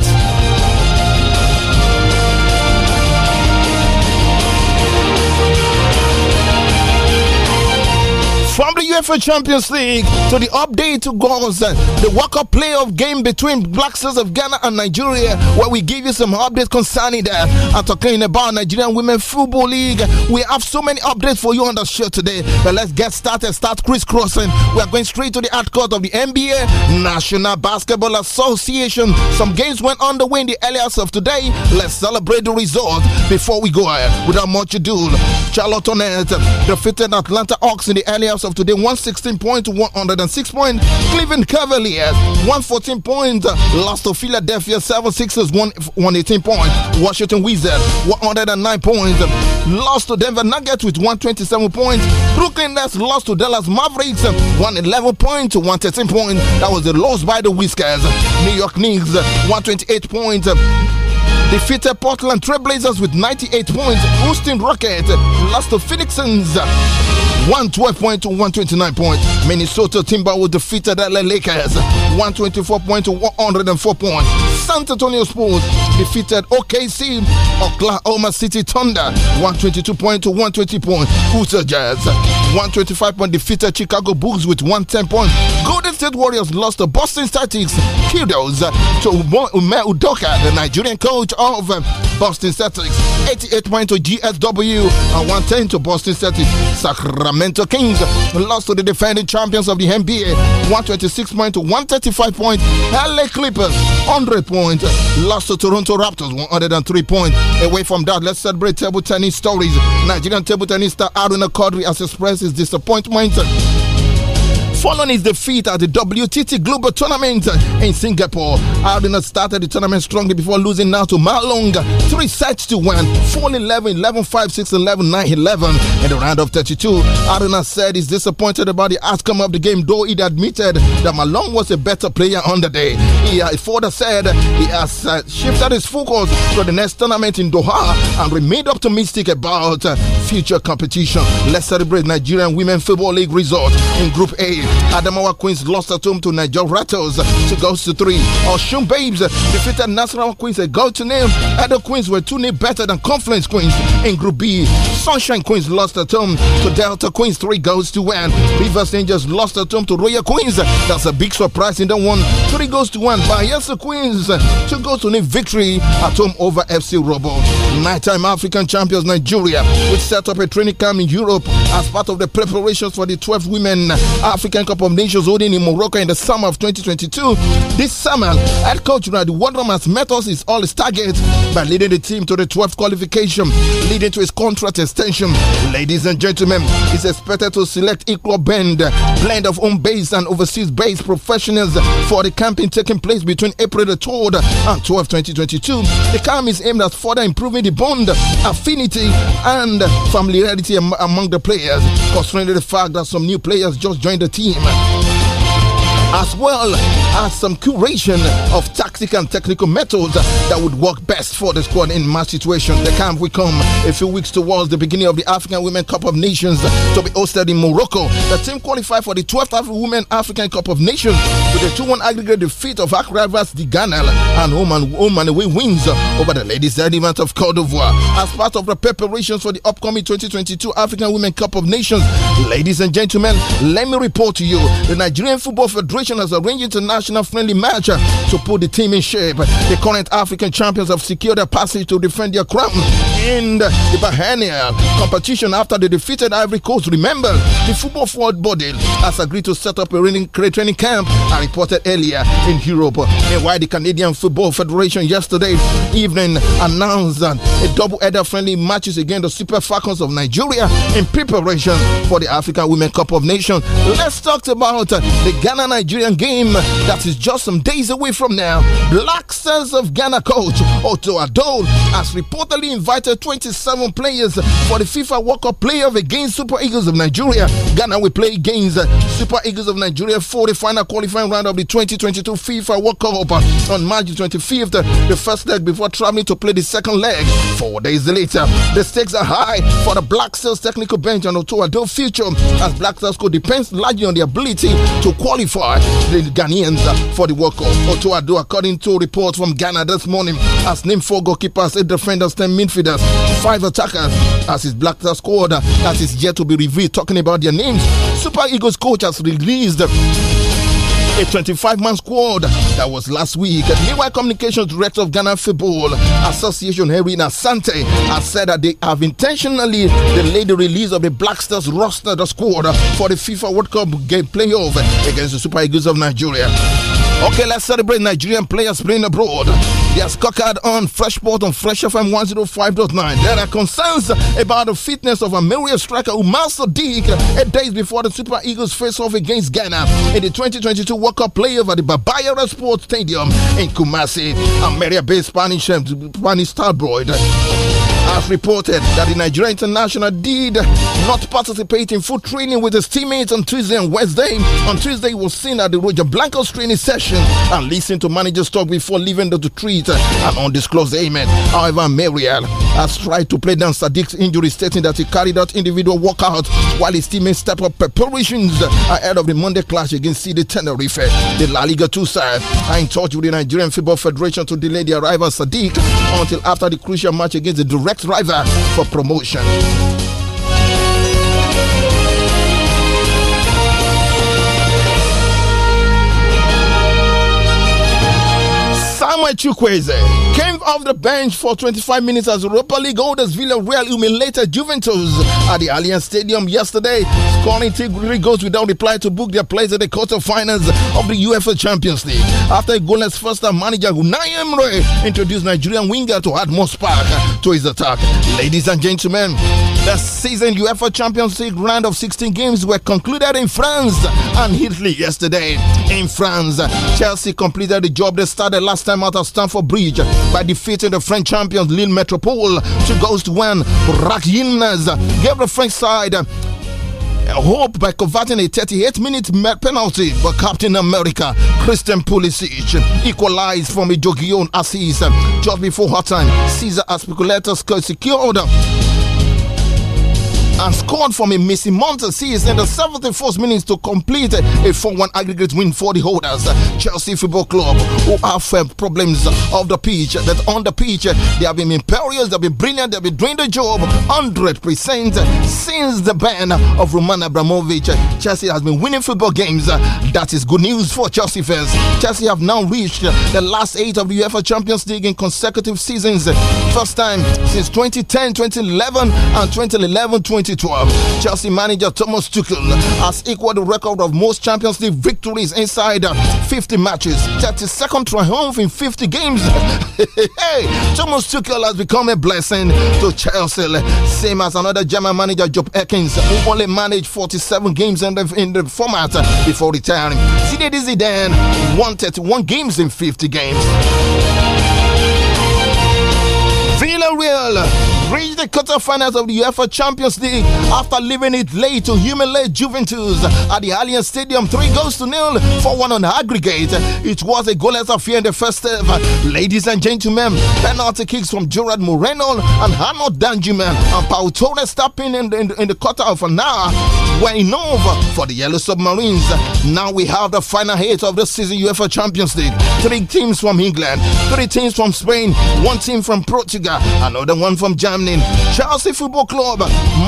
From the UEFA Champions League to the update to goals, the World Cup playoff game between Black Stars of Ghana and Nigeria, where we give you some updates concerning that. I'm talking about Nigerian Women Football League. We have so many updates for you on the show today. But let's get started. Start crisscrossing. We are going straight to the court of the NBA, National Basketball Association. Some games went underway in the early hours of today. Let's celebrate the result before we go ahead. Without much ado, Charlotte Hornets defeated Atlanta Hawks in the early hours of today 116 points, 106 points. Cleveland Cavaliers 114 points. Lost to Philadelphia 76ers 118 points. Washington Wizards 109 points. Lost to Denver Nuggets with 127 points. Brooklyn Nets lost to Dallas Mavericks 111 points, 113 points. That was the loss by the Whiskers. New York Knicks 128 points defeated Portland Trailblazers with 98 points. Houston Rockets lost to Phoenix Suns 112 points to 129 points. Minnesota Timberwolves defeated LA Lakers 124 points to 104 points. San Antonio Spurs defeated OKC Oklahoma City Thunder 122 points to 120 points. Utah Jazz 125 point defeated Chicago Bulls with 110 points. Golden State Warriors lost to Boston Celtics Kudos to Ume Udoka, the Nigerian coach of um, Boston Celtics, 88 to GSW, and uh, 110 to Boston Celtics. Sacramento Kings lost to the defending champions of the NBA, 126 point to 135 point. LA Clippers, 100 point, lost to Toronto Raptors, 103 point. Away from that, let's celebrate table tennis stories. Nigerian table tennis star Aruna Kodri has expressed his disappointment Following his defeat at the WTT Global Tournament in Singapore. Arena started the tournament strongly before losing now to Malong. Three sets to one, 4 11, 11 5, 6 11, 9 11. In the round of 32, Arena said he's disappointed about the outcome of the game, though he admitted that Malong was a better player on the day. He uh, further said he has uh, shifted his focus to the next tournament in Doha and remained optimistic about uh, future competition. Let's celebrate Nigerian Women Football League result in Group A. Adamawa Queens lost at home to Niger Rattles, two goals to three. Oshun Babes defeated National Queens a goal to nil. Other Queens were two nil better than Confluence Queens in Group B. Sunshine Queens lost at home to Delta Queens, three goals to one. Rivers Rangers lost at home to Royal Queens. That's a big surprise in the one. Three goals to one. Bayelsa Queens, two goals to nil victory at home over FC Robo. Nighttime African champions Nigeria, which set set up a training camp in Europe as part of the preparations for the 12 Women African Cup of Nations holding in Morocco in the summer of 2022. This summer, head coach Radu Wardrum has met us his all his targets by leading the team to the 12th qualification, leading to his contract extension. Ladies and gentlemen, he's expected to select equal band, blend of home based and overseas based professionals for the camping taking place between April the 3rd and 12th, 2022. The camp is aimed at further improving the bond, affinity, and familiarity among the players, considering the fact that some new players just joined the team as well as some curation of tactical and technical methods that would work best for the squad in match situation, The camp will come a few weeks towards the beginning of the African Women Cup of Nations to be hosted in Morocco. The team qualified for the 12th African Women African Cup of Nations with a 2 1 aggregate defeat of Ak rivals the Ghana and Oman Oman. home away wins over the ladies' element of Cote d'Ivoire. As part of the preparations for the upcoming 2022 African Women Cup of Nations, ladies and gentlemen, let me report to you the Nigerian Football Federation Federation has arranged international friendly match uh, to put the team in shape. The current African champions have secured a passage to defend their crown in the biennial competition after they defeated Ivory Coast. Remember, the football forward body has agreed to set up a training camp, I reported earlier in Europe. Meanwhile, the Canadian Football Federation yesterday evening announced that a double-header friendly matches against the Super Falcons of Nigeria in preparation for the African Women Cup of Nations. Let's talk about the Ghana-Nigeria Nigerian game that is just some days away from now. Black Stars of Ghana coach Otto Adol has reportedly invited 27 players for the FIFA World Cup playoff against Super Eagles of Nigeria. Ghana will play against Super Eagles of Nigeria for the final qualifying round of the 2022 FIFA World Cup on March 25th, the first leg before traveling to play the second leg four days later. The stakes are high for the Black Stars technical bench and Otto Adol future as Black Stars could depend largely on the ability to qualify the Ghanaians for the World Cup. Otoado, according to reports from Ghana this morning, has named four goalkeepers, eight defenders, ten midfielders, five attackers as his black squad that is yet to be revealed. Talking about their names, Super Eagles coach has released a 25-man squad that was last week. Meanwhile, Communications Director of Ghana Football Association, Herina Sante, has said that they have intentionally delayed the release of the Black Stars roster, the squad for the FIFA World Cup game playoff against the Super Eagles of Nigeria. Okay, let's celebrate Nigerian players playing abroad. They are scockered on Freshport on Fresh FM 105.9. There are concerns about the fitness of a Ameria striker who Umar Sadiq eight days before the Super Eagles face off against Ghana in the 2022 World Cup playoff at the Babayara Sports Stadium in Kumasi. Ameria based Spanish, Spanish tabloid has reported that the Nigerian international did not participate in full training with his teammates on Tuesday and Wednesday. On Tuesday, he was seen at the Roger Blancos training session and listened to manager's talk before leaving the retreat and undisclosed amen. However, Mariel has tried to play down Sadiq's injury, stating that he carried out individual workouts while his teammates stepped up preparations ahead of the Monday clash against CD Tenerife. The La Liga 2 side are in touch with the Nigerian Football Federation to delay the arrival of Sadiq until after the crucial match against the direct driver for promotion. Samuel Chukwueze off the bench for 25 minutes as Europa League holders Villarreal humiliated Juventus at the Allianz Stadium yesterday, scoring three goals without reply to book their place at the quarterfinals of the UEFA Champions League. After a goalless first time manager Unai Emre introduced Nigerian winger to add more spark to his attack. Ladies and gentlemen, the season UEFA Champions League round of 16 games were concluded in France and Italy yesterday. In France, Chelsea completed the job they started last time out at Stamford Bridge by defeating the French champions Lille Metropole two goals to one. Burak gave the French side uh, hope by converting a 38 minute penalty But Captain America Christian Pulisic equalized from a Jogion assist just before half time. Cesar secure secured and scored from a Missy Montesi in the 74th minutes to complete a 4 1 aggregate win for the holders. Chelsea Football Club, who have um, problems of the pitch, that on the pitch they have been imperious, they've been brilliant, they've been doing the job 100% since the ban of Roman Abramovich. Chelsea has been winning football games. That is good news for Chelsea fans. Chelsea have now reached the last eight of the UEFA Champions League in consecutive seasons. First time since 2010, 2011, and 2011 20 2012. Chelsea manager Thomas Tuchel has equaled the record of most Champions League victories inside 50 uh, matches, 32nd triumph in 50 games. hey, Thomas Tuchel has become a blessing to Chelsea, same as another German manager Job Ekins, who only managed 47 games in the, in the format uh, before retiring. Zinedine Zidane won 31 games in 50 games. Villa Real. reached the quarterfinals of the UEFA Champions League after leaving it late to humiliate Juventus at the Allianz Stadium. Three goals to nil, 4 1 on aggregate. It was a goalless affair in the first half. Ladies and gentlemen, penalty kicks from Gerard Moreno and Hanno Danjiman and Pau Torres in, in, in the quarter of an hour were enough for the Yellow Submarines. Now we have the final eight of the season UEFA Champions League. Three teams from England, three teams from Spain, one team from Portugal, another one from Germany. Germany. Chelsea Football Club,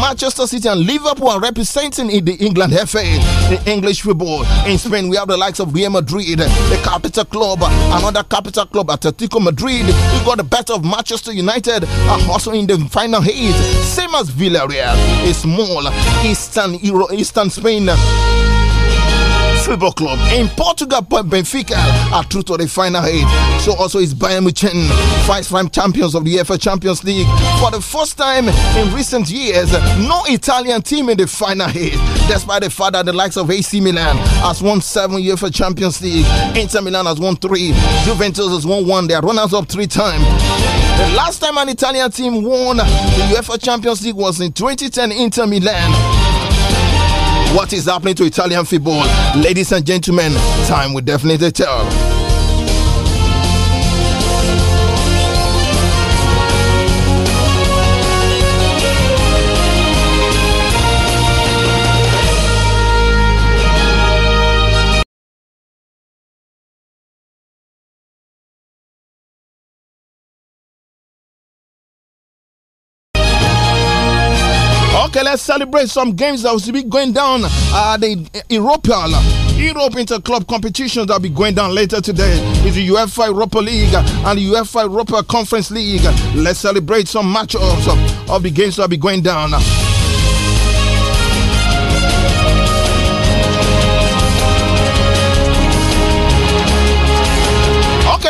Manchester City, and Liverpool are representing in the England FA, the English football. In Spain, we have the likes of Real Madrid, the capital club, another capital club, Atletico Madrid. We got the best of Manchester United, are also in the final eight, same as Villarreal. A small Eastern Euro, Eastern Spain. Football Club in Portugal by Benfica are through to the final eight. So also is Bayern Munich, five-time champions of the UEFA Champions League. For the first time in recent years, no Italian team in the final eight. Despite the fact that the likes of AC Milan has won seven UEFA Champions League, Inter Milan has won three, Juventus has won one. They are runners-up three times. The last time an Italian team won the UEFA Champions League was in 2010 Inter Milan what is happening to Italian football. Ladies and gentlemen, time will definitely tell. Okay, let's celebrate some games that will be going down uh the European Europe Club competitions that will be going down later today. is the UEFA Europa League and the UEFA Europa Conference League. Let's celebrate some matchups of, of the games that will be going down.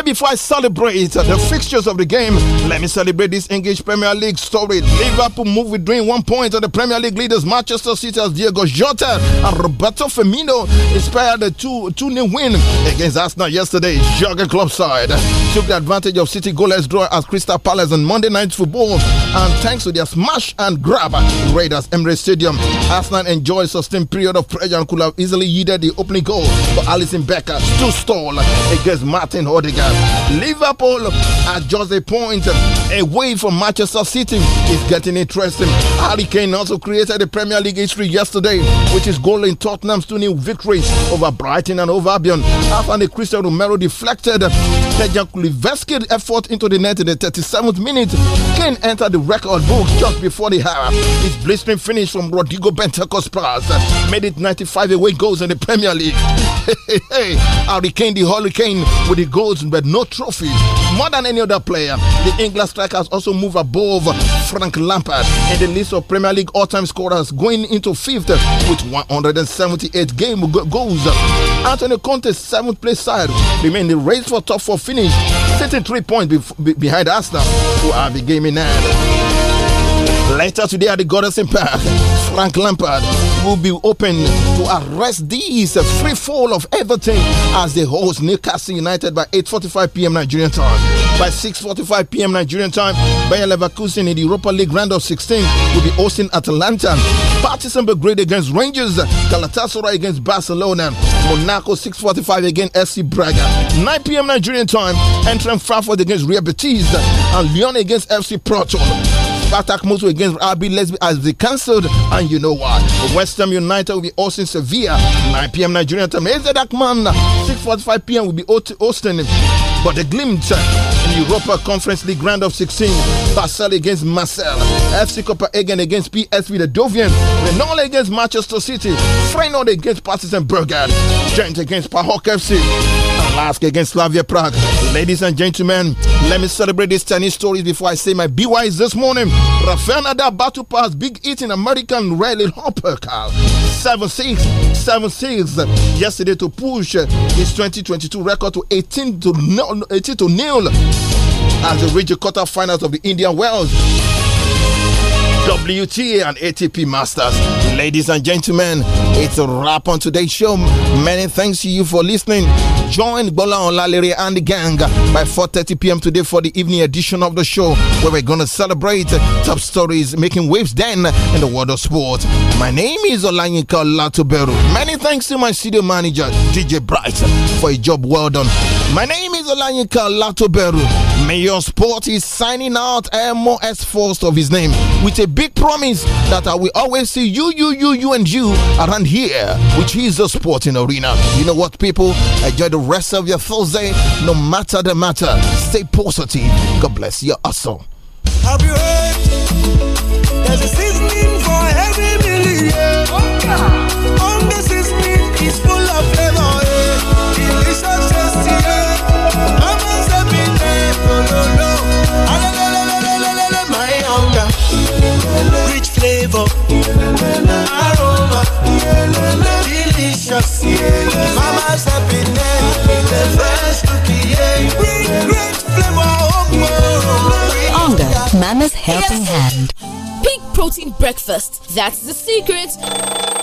right before I celebrate the fixtures of the game, let me celebrate this English Premier League story. Liverpool move with doing one point of the Premier League leaders, Manchester City as Diego Jota and Roberto Firmino inspired a 2 2 0 win against Arsenal yesterday. Jurgen club side took the advantage of City goalless draw as Crystal Palace on Monday Night Football, and thanks to their smash and grab raiders, Emirates Stadium, Arsenal enjoyed sustained period of pressure and could have easily yielded the opening goal, but Alison Becker stood tall against Martin Odegaard. Liverpool are just a point away from Manchester City. It's getting interesting. Harry Kane also created the Premier League history yesterday, which is goal in Tottenham's 2 new victory over Brighton and over Albion. After the Christian Romero deflected Peja Kulivski's effort into the net in the 37th minute. Kane entered the record books just before the half. His blistering finish from Rodrigo Bentacos Pras made it 95 away goals in the Premier League. Hey, hey, hey. Hurricane the Hurricane with the goals but no trophies. More than any other player, the England striker has also moved above Frank Lampard in the list of Premier League all-time scorers, going into fifth with 178 game goals. Anthony Conte's seventh place side remain the race for top four finished, 33 points be behind Arsenal, who are the game in Later today at the Goodison Park, Frank Lampard will be open to arrest these free fall of Everton as they host Newcastle United by 8:45 p.m. Nigerian time by 6.45 p.m. Nigerian time. Bayer Leverkusen in the Europa League round of 16 will be hosting Atalanta. Partizan Belgrade against Rangers. Galatasaray against Barcelona. Monaco 6.45 against FC Braga. 9 p.m. Nigerian time. Entering Frankfurt against Real Betis. And Lyon against FC Porto. Attack Moscow against RB Lesbian has been cancelled, and you know what? West Ham United will be hosting Sevilla, 9 p.m. Nigerian time. AZ Akman, 6:45 p.m. will be hosting, but the glimpse Europa Conference League round of 16. Basel against Marseille. FC Copenhagen against PSV the Dovian. Renault against Manchester City. Feyenoord against Partizan Belgrade. Gent against Pahok FC. Alaska against Slavia Prague. Ladies and gentlemen, let me celebrate these tennis stories before I say my BYs this morning. Rafael Nadal battle past Big Eating American rally Hopper. 7 6, 7 6 yesterday to push his 2022 record to 18 to, 18 to nil as they reach the quarterfinals of the Indian Wells. WTA and ATP Masters. Ladies and gentlemen, it's a wrap on today's show. Many thanks to you for listening. Join Bola Olalere and the gang by 4.30 p.m. today for the evening edition of the show where we're going to celebrate top stories making waves then in the world of sport. My name is Olanyika Latuberu. Many thanks to my studio manager, DJ Bright, for a job well done. My name is Olanyika Latuberu. Mayor Sport is signing out MOS First of his name with a big promise that I will always see you, you, you, you, and you around here, which is the sporting arena. You know what, people? Enjoy the rest of your Thursday, no matter the matter. Stay positive. God bless your hustle. Have you heard? There's a seasoning for every million. flavor, aroma, delicious. Mama's happiness, the cookie, bring great flavor. Onga, Mama's helping yes. hand. Peak protein breakfast. That's the secret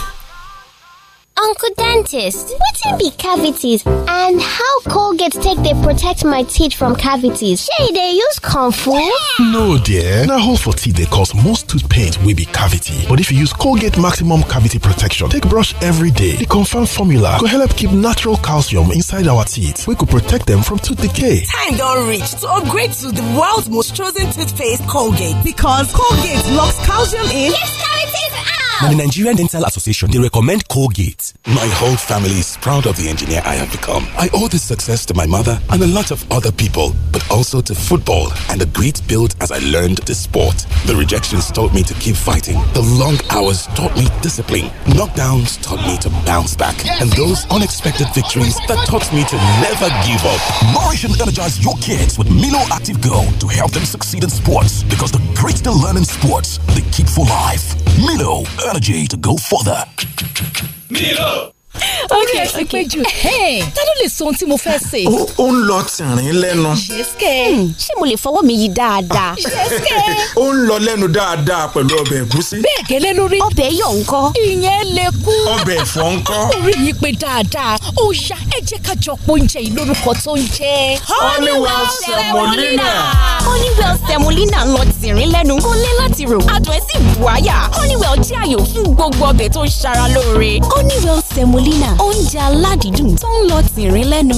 Uncle Dentist, can be cavities and how Colgate take they protect my teeth from cavities? Shey they dey use comfort? No dear, Now, hole for teeth they cause most tooth pain will be cavity. But if you use Colgate maximum cavity protection take brush every day, the confirmed formula could help keep natural calcium inside our teeth We could protect them from tooth decay. Time don't reach to upgrade to the world's most chosen toothpaste Colgate because Colgate locks calcium in. Yes, cavities out! Ah! Now, the Nigerian Dental Association, they recommend Colgate. My whole family is proud of the engineer I have become. I owe this success to my mother and a lot of other people, but also to football and the great build as I learned the sport. The rejections taught me to keep fighting. The long hours taught me discipline. Knockdowns taught me to bounce back. And those unexpected victories that taught me to never give up. Nourish and energize your kids with Milo Active Go to help them succeed in sports because the great they learn in sports, they keep for life. Milo strategy to go further. Milo! orí ẹ ti pé jù ta ló lè sọ ohun tí mo fẹ́ ṣe. ó ń lọ tìrín lẹ́nu. ṣèṣkẹ́ hmm, ṣé mo lè fọwọ́ mi yí dáadáa. ṣèṣkẹ́ ó ń lọ lẹ́nu dáadáa pẹ̀lú ọbẹ̀ ẹ̀gúsí. bẹ́ẹ̀ gẹ́lẹ́ lórí. ọbẹ̀ yọ̀ ńkọ́. ìyẹn lè kú. ọbẹ̀ ẹ̀fọ́ ńkọ́. orí yìí pé dáadáa ó yá ẹ jẹ́ ká jọ oúnjẹ yìí lórúkọ tó ń jẹ́. Honeywell semolina. Honeywell semolina lọ tìrín lẹ́nu kó lé láti rò. adùn Honeywell jẹ́ láàyò fún gbogbo ọbẹ̀ tó ṣara lóore. ó Semolina oúnjẹ aládìídùn tó ń lọ tìrín lẹ́nu.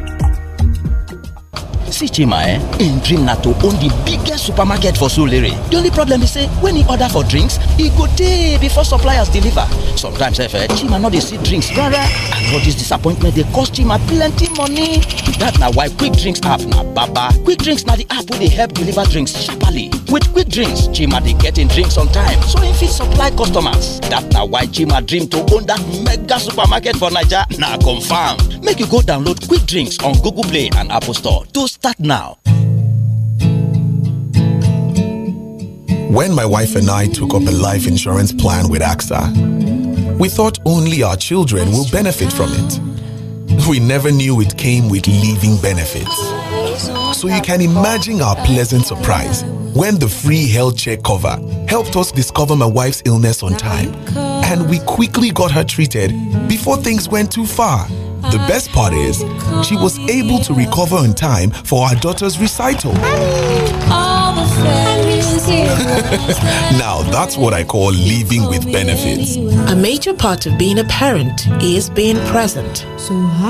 See Chima eh, im dream na to own the biggest supermarket for Solere. The only problem is say eh, when he order for drinks, he go dey before suppliers deliver. Sometimes sef eh, eh, Chima not dey see drinks rara and all this disappointment They cost Chima plenty money. That na why Quick Drinks app na baba. Quick Drinks na the app wey they help deliver drinks sharparly. With Quick Drinks, Chima they get im drinks on time so if e it supply customers. That na why Chima dream to own that mega supermarket for Naija na confirm. Make you go download Quick Drinks on Google Play and Apple Store to Start now. When my wife and I took up a life insurance plan with AXA, we thought only our children will benefit from it. We never knew it came with living benefits. So you can imagine our pleasant surprise when the free health check cover helped us discover my wife's illness on time and we quickly got her treated before things went too far. The best part is, she was able to recover in time for her daughter's recital. now that's what I call living with benefits. A major part of being a parent is being present.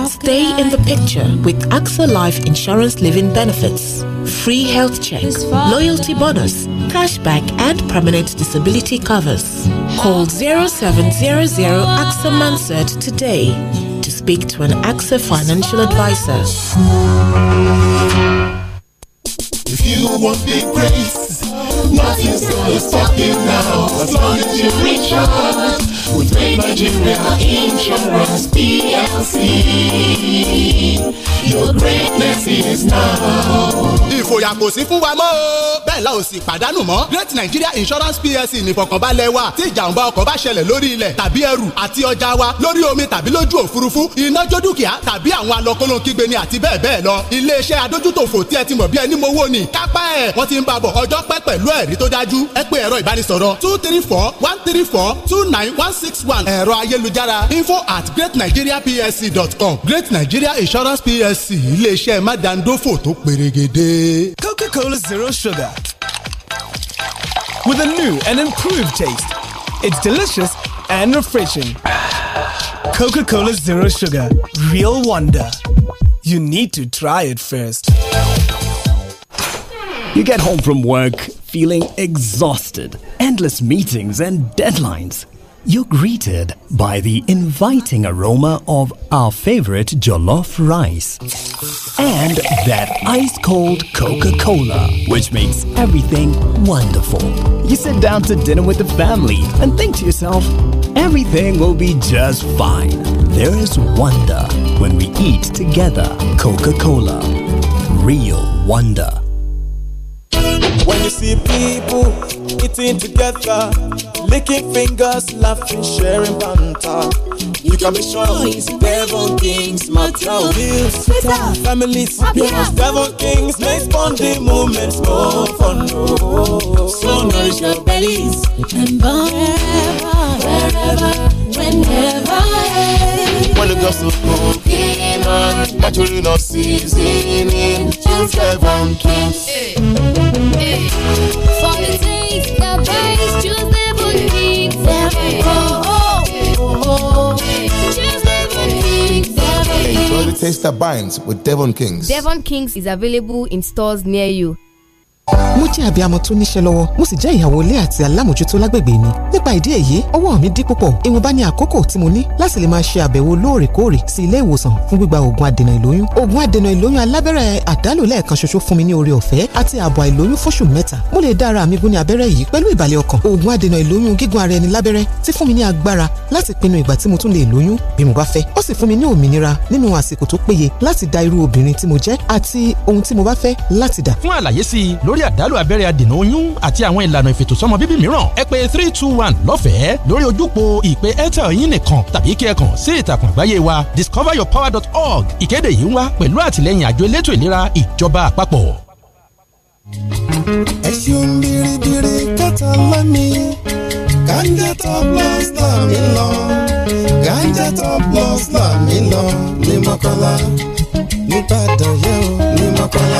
Stay in the picture with AXA Life Insurance Living Benefits. Free health check, loyalty bonus, cashback and permanent disability covers. Call 0700 AXA Mansard today speak to an AXA financial advisor. If you want big grace, nothing's gonna stop you now. As long as you reach out. with Great Nigeria Insurance PLC. Your greatness is now. Ìfòyà kò sí fún wa mọ́ o. Bẹ́ẹ̀ la ò sì pàdánù mọ́. Great Nigeria Insurance PLC nìfọ̀kànbalẹ̀ wa tí ìjàmbá ọkọ̀ bá ṣẹlẹ̀ lórí ilẹ̀ tàbí ẹrù àti ọjà wa lórí omi tàbí lójú òfurufú iná jó dúkìá tàbí àwọn alọ́kọ́lọ́ kígbe ni àti bẹ́ẹ̀ bẹ́ẹ̀ lọ. Iléeṣẹ́ adójútòfò tí ẹ ti mọ̀ bí ẹni mowó ni kápá ẹ̀ wọ́n ti ń babọ̀ ọjọ́ pẹ́ pẹ̀lú ẹ̀rí tó dájú. Ẹ pe ẹ̀rọ ìbánisọ̀rọ̀ two three four one three four two nine one six one ẹ̀rọ ayélujára info at greatnigeriapsc.com. Great Nigeria Insurance PLC iléeṣẹ́ mádàndófò tó pérégedé. Coca-Cola Zero Sugar with a new and improved taste. It's delicious and refreshing. Coca-Cola Zero Sugar, real wonder. You need to try it first. You get home from work feeling exhausted, endless meetings and deadlines you're greeted by the inviting aroma of our favorite jollof rice and that ice cold Coca Cola, which makes everything wonderful. You sit down to dinner with the family and think to yourself, everything will be just fine. There is wonder when we eat together Coca Cola. Real wonder. When you see people eating together, licking fingers, laughing, sharing banter. You can be sure it's devil kings, matter bills, families, because devil kings make bonding moments more fun. Oh. so nourish your bellies and bond wherever, whenever. When it goes to man that you'll not seasoning. Just For the taste, the Enjoy the oh, oh, oh. taste binds with Devon Kings. Devon Kings is available in stores near you. mo jẹ́ abiyamọ tó níṣẹ́ lọ́wọ́ mo sì jẹ́ ìyàwó ilé àti alámòjútó lágbègbè mi nípa ìdí èyí ọwọ́ mi dí púpọ̀ ìwọ̀nba ni àkókò tí mo ní láti lè máa ṣe àbẹ̀wò lóòrèkóòrè sí ilé ìwòsàn fún gbígba oògùn adènà ìlóyún oògùn adènà ìlóyún alábẹ́rẹ́ àdálò lẹ́ẹ̀kan ṣoṣo fún mi ní oore ọ̀fẹ́ àti ààbò àìlóyún fóṣù mẹ́ta mo lè dá ara mi gún ní abẹ́rẹ́ yìí pẹ̀lú ìbàlẹ̀ ọkàn oògùn adènà ìlóyún gígùn ara ẹni lábẹ́rẹ́ ti fún mi ní agbára láti pinnu ìgbà tí mo tún lè lóyún bí mo bá fẹ́ ó sì fún mi ní òmìnira nínú àsìkò tó péye láti dá irú obìnrin tí mo jẹ́ àti ohun tí mo bá fẹ́ láti dà. fún àlàyé sí i lórí lórí àdálù abẹ́rẹ́ adènà oyún àti àwọn ìlànà ìfètòsọ́mọ bíbí mìíràn ẹ pè three two one lọ́fẹ̀ẹ́ lórí ojúpo ìpè airtel yín nìkan tàbí kí ẹ kàn sí ìtàkùn àgbáyé wa discoveryourpower.org ìkéde yìí ń wá pẹ̀lú àtìlẹ́yìn àjọ elétò ìlera ìjọba àpapọ̀. ẹ ṣeun biribiri kẹta lami ganja top loss náà mi lọ ganja top loss náà mi lọ ní mọ́kànlá nígbàdàn yẹn ò ní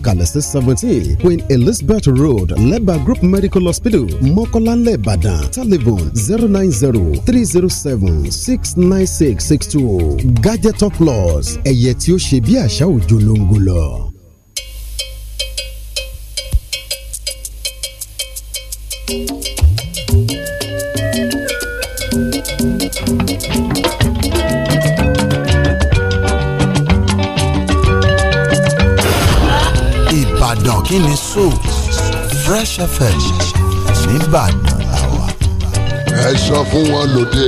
ìkàlẹ̀sí seventeen Queen Elizabeth Road Leba Group Medical Hospital Mọ́kọ́lánlẹ̀ Ìbàdàn telephone zero nine zero three zero seven six nine six six two Gadget Plus ẹ̀yẹ tí ó ṣe bí àṣà òjò ló ń gò lọ. thank you kíni sọ Fresh FM nìbàdàn làwà. ẹ sọ fún wọn lóde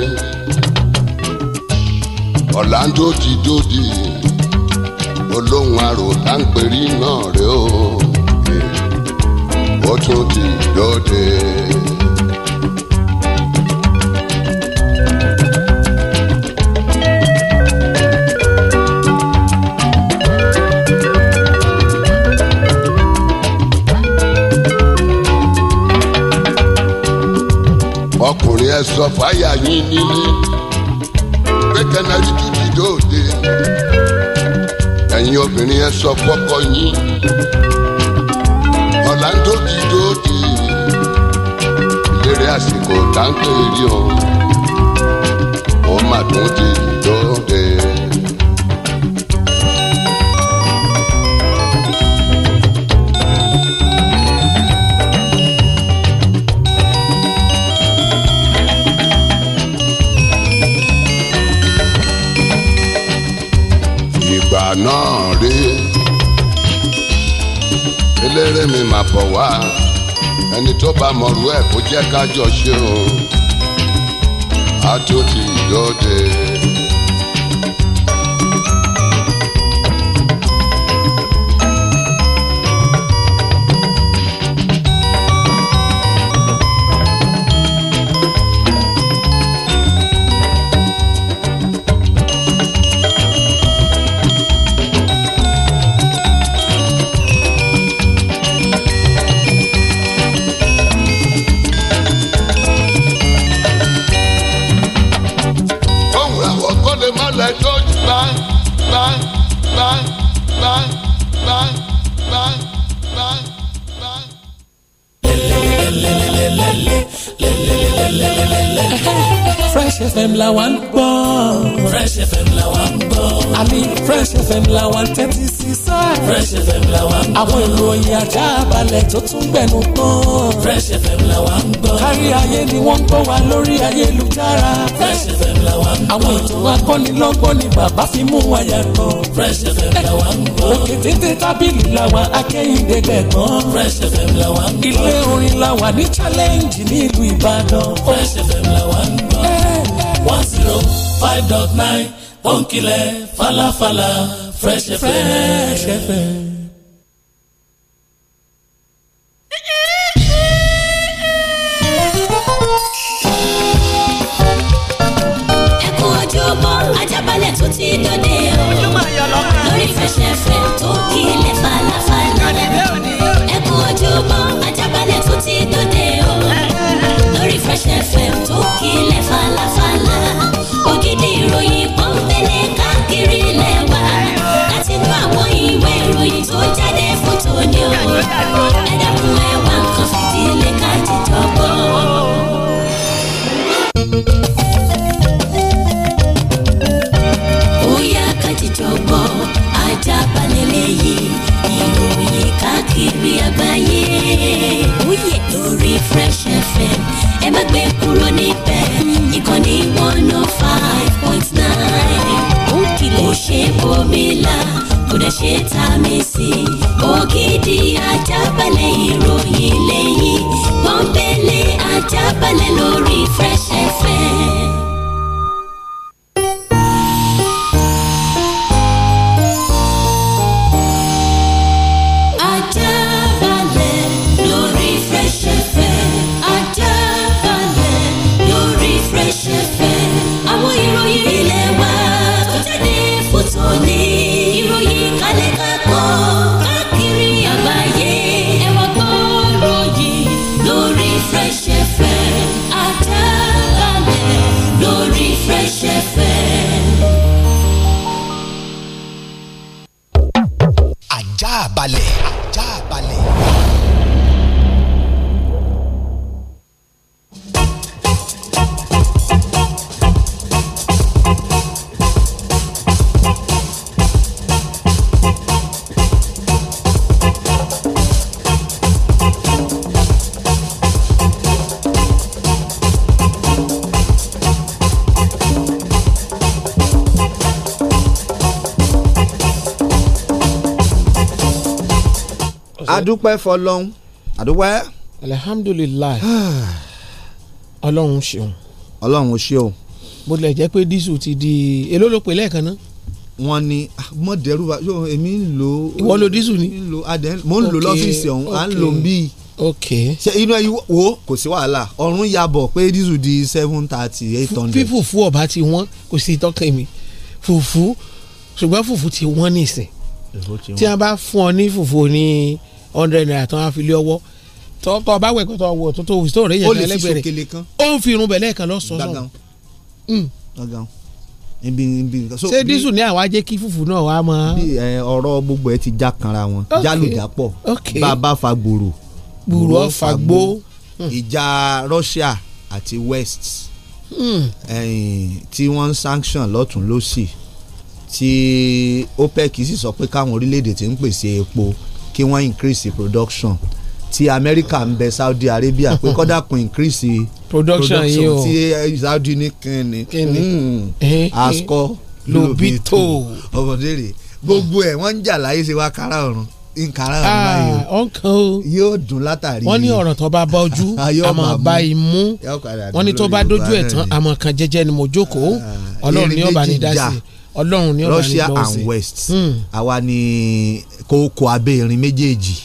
ọ̀làǹdó ti dòde olóhùn àrò táǹpẹ̀rì náà rèé o ó tún ti dòde. òde ẹ sọ fáyà yín nílé pé kẹnẹrí tútù dòde ẹ̀yin obìnrin ẹ sọ fọ́kọ yín ọ̀la ń tóbi dòde ìlérí àsìkò táǹkì rí o ó mà tún ti dòde. náà rè eléré mi mà bọ̀ wá ẹni tó bá mọ̀rú ẹ̀ kó jẹ́ ká ṣe o àtúntì yóò dé. tó tún gbẹnu tán. Fresh FM la wa ń gbọ́. kárí ayé ni wọ́n ń gbọ́ wa lórí ayélujára. Fresh FM la wa ń gbọ́. àwọn ìtàn akọ́nilọ́gbọ́n ni bàbá fi mú wa yàtọ̀. Fresh FM la wa ń gbọ́. òkè tètè tábìlì la wa akẹ́yìndé gbẹ̀gbọ́n. Fresh FM la wa ń gbọ́. ilé orin la wa ní challenge ní ìlú Ìbàdàn. Fresh FM la wa ń gbọ́. one zero five dot nine pọ́ńkìlẹ̀ falafala Fresh FM. Fresh FM. adúpẹ́ fọlọ́hún adúpẹ́. alihamudulilayi ah. ọlọ́run ṣeun. ọlọ́run ṣeun. mo lè jẹ́ pé dísù ti di èló ló pè lẹ́ẹ̀kan náà wọ́n ní ah, mọ̀dẹ́rù wa yóò èmi ń lò. ìwọ lo dísù ni. mo ń lò lọ́fíìsì ọ̀hún à ń lò ń bí. ok ṣe inú ẹyí wo kò sí wàhálà ọ̀run yabọ̀ pé dísù di seven thirty eight hundred. fífò fún ọba tí wọ́n kò sí tọ́kàn mi fùfú ṣùgbọ́n fùfú tí wọ́n nìsín tí a bá fún ọ ní fùfú ní. Ni hundred naira tán á fi lé ọwọ́ tọ́ bá wẹ̀ tó wọ̀ tó tó tó rẹ̀ yẹn lẹ́gbẹ̀ẹ́ rẹ̀ ó ń fi irun bẹ̀ lẹ́ẹ̀kan lọ́sọ̀ọ́sọ̀ hmm. ṣé dísù ní àwa jẹ́ kí fùfú náà wá mọ́. bí ọ̀rọ̀ gbogbo ẹ ti já kanra wọn jálùjápọ̀ bàbá fa gbòòrò gbòòrò fa gbó hmm. ìjà Russia àti West hmm. tí wọ́n ń sanction lọ́tún lọ́sì tí OPEC sì sọ pé káwọn orílẹ̀-èdè ti ń pèsè epo kí wọ́n increase production ti America ń bẹ Saudi Arabia pé kọ́dà kun increase production yìí o ti eh, Saudi ní kínní hmm. eh, eh. asco lobito ọ̀bọ̀dẹ̀rẹ̀ gbogbo ẹ̀ wọ́n ń jà láyé ṣe wá kára ọ̀run nkàrà ọ̀la yìí ọ̀nkàn o yóò dùn látàrí wọ́n ní ọ̀rọ̀ tó bá bá ojú àmọ́ bá imú wọ́n ní tó bá dójú ẹ̀ tán àmọ́ kan jẹ́jẹ́ ni mo jókòó ah, ọlọ́run ní ọ̀bà ní dá sí i ọlọ́run ní ọ̀bà ní russia and west hmm. àwa ni kókó abẹ́ irin méjèèjì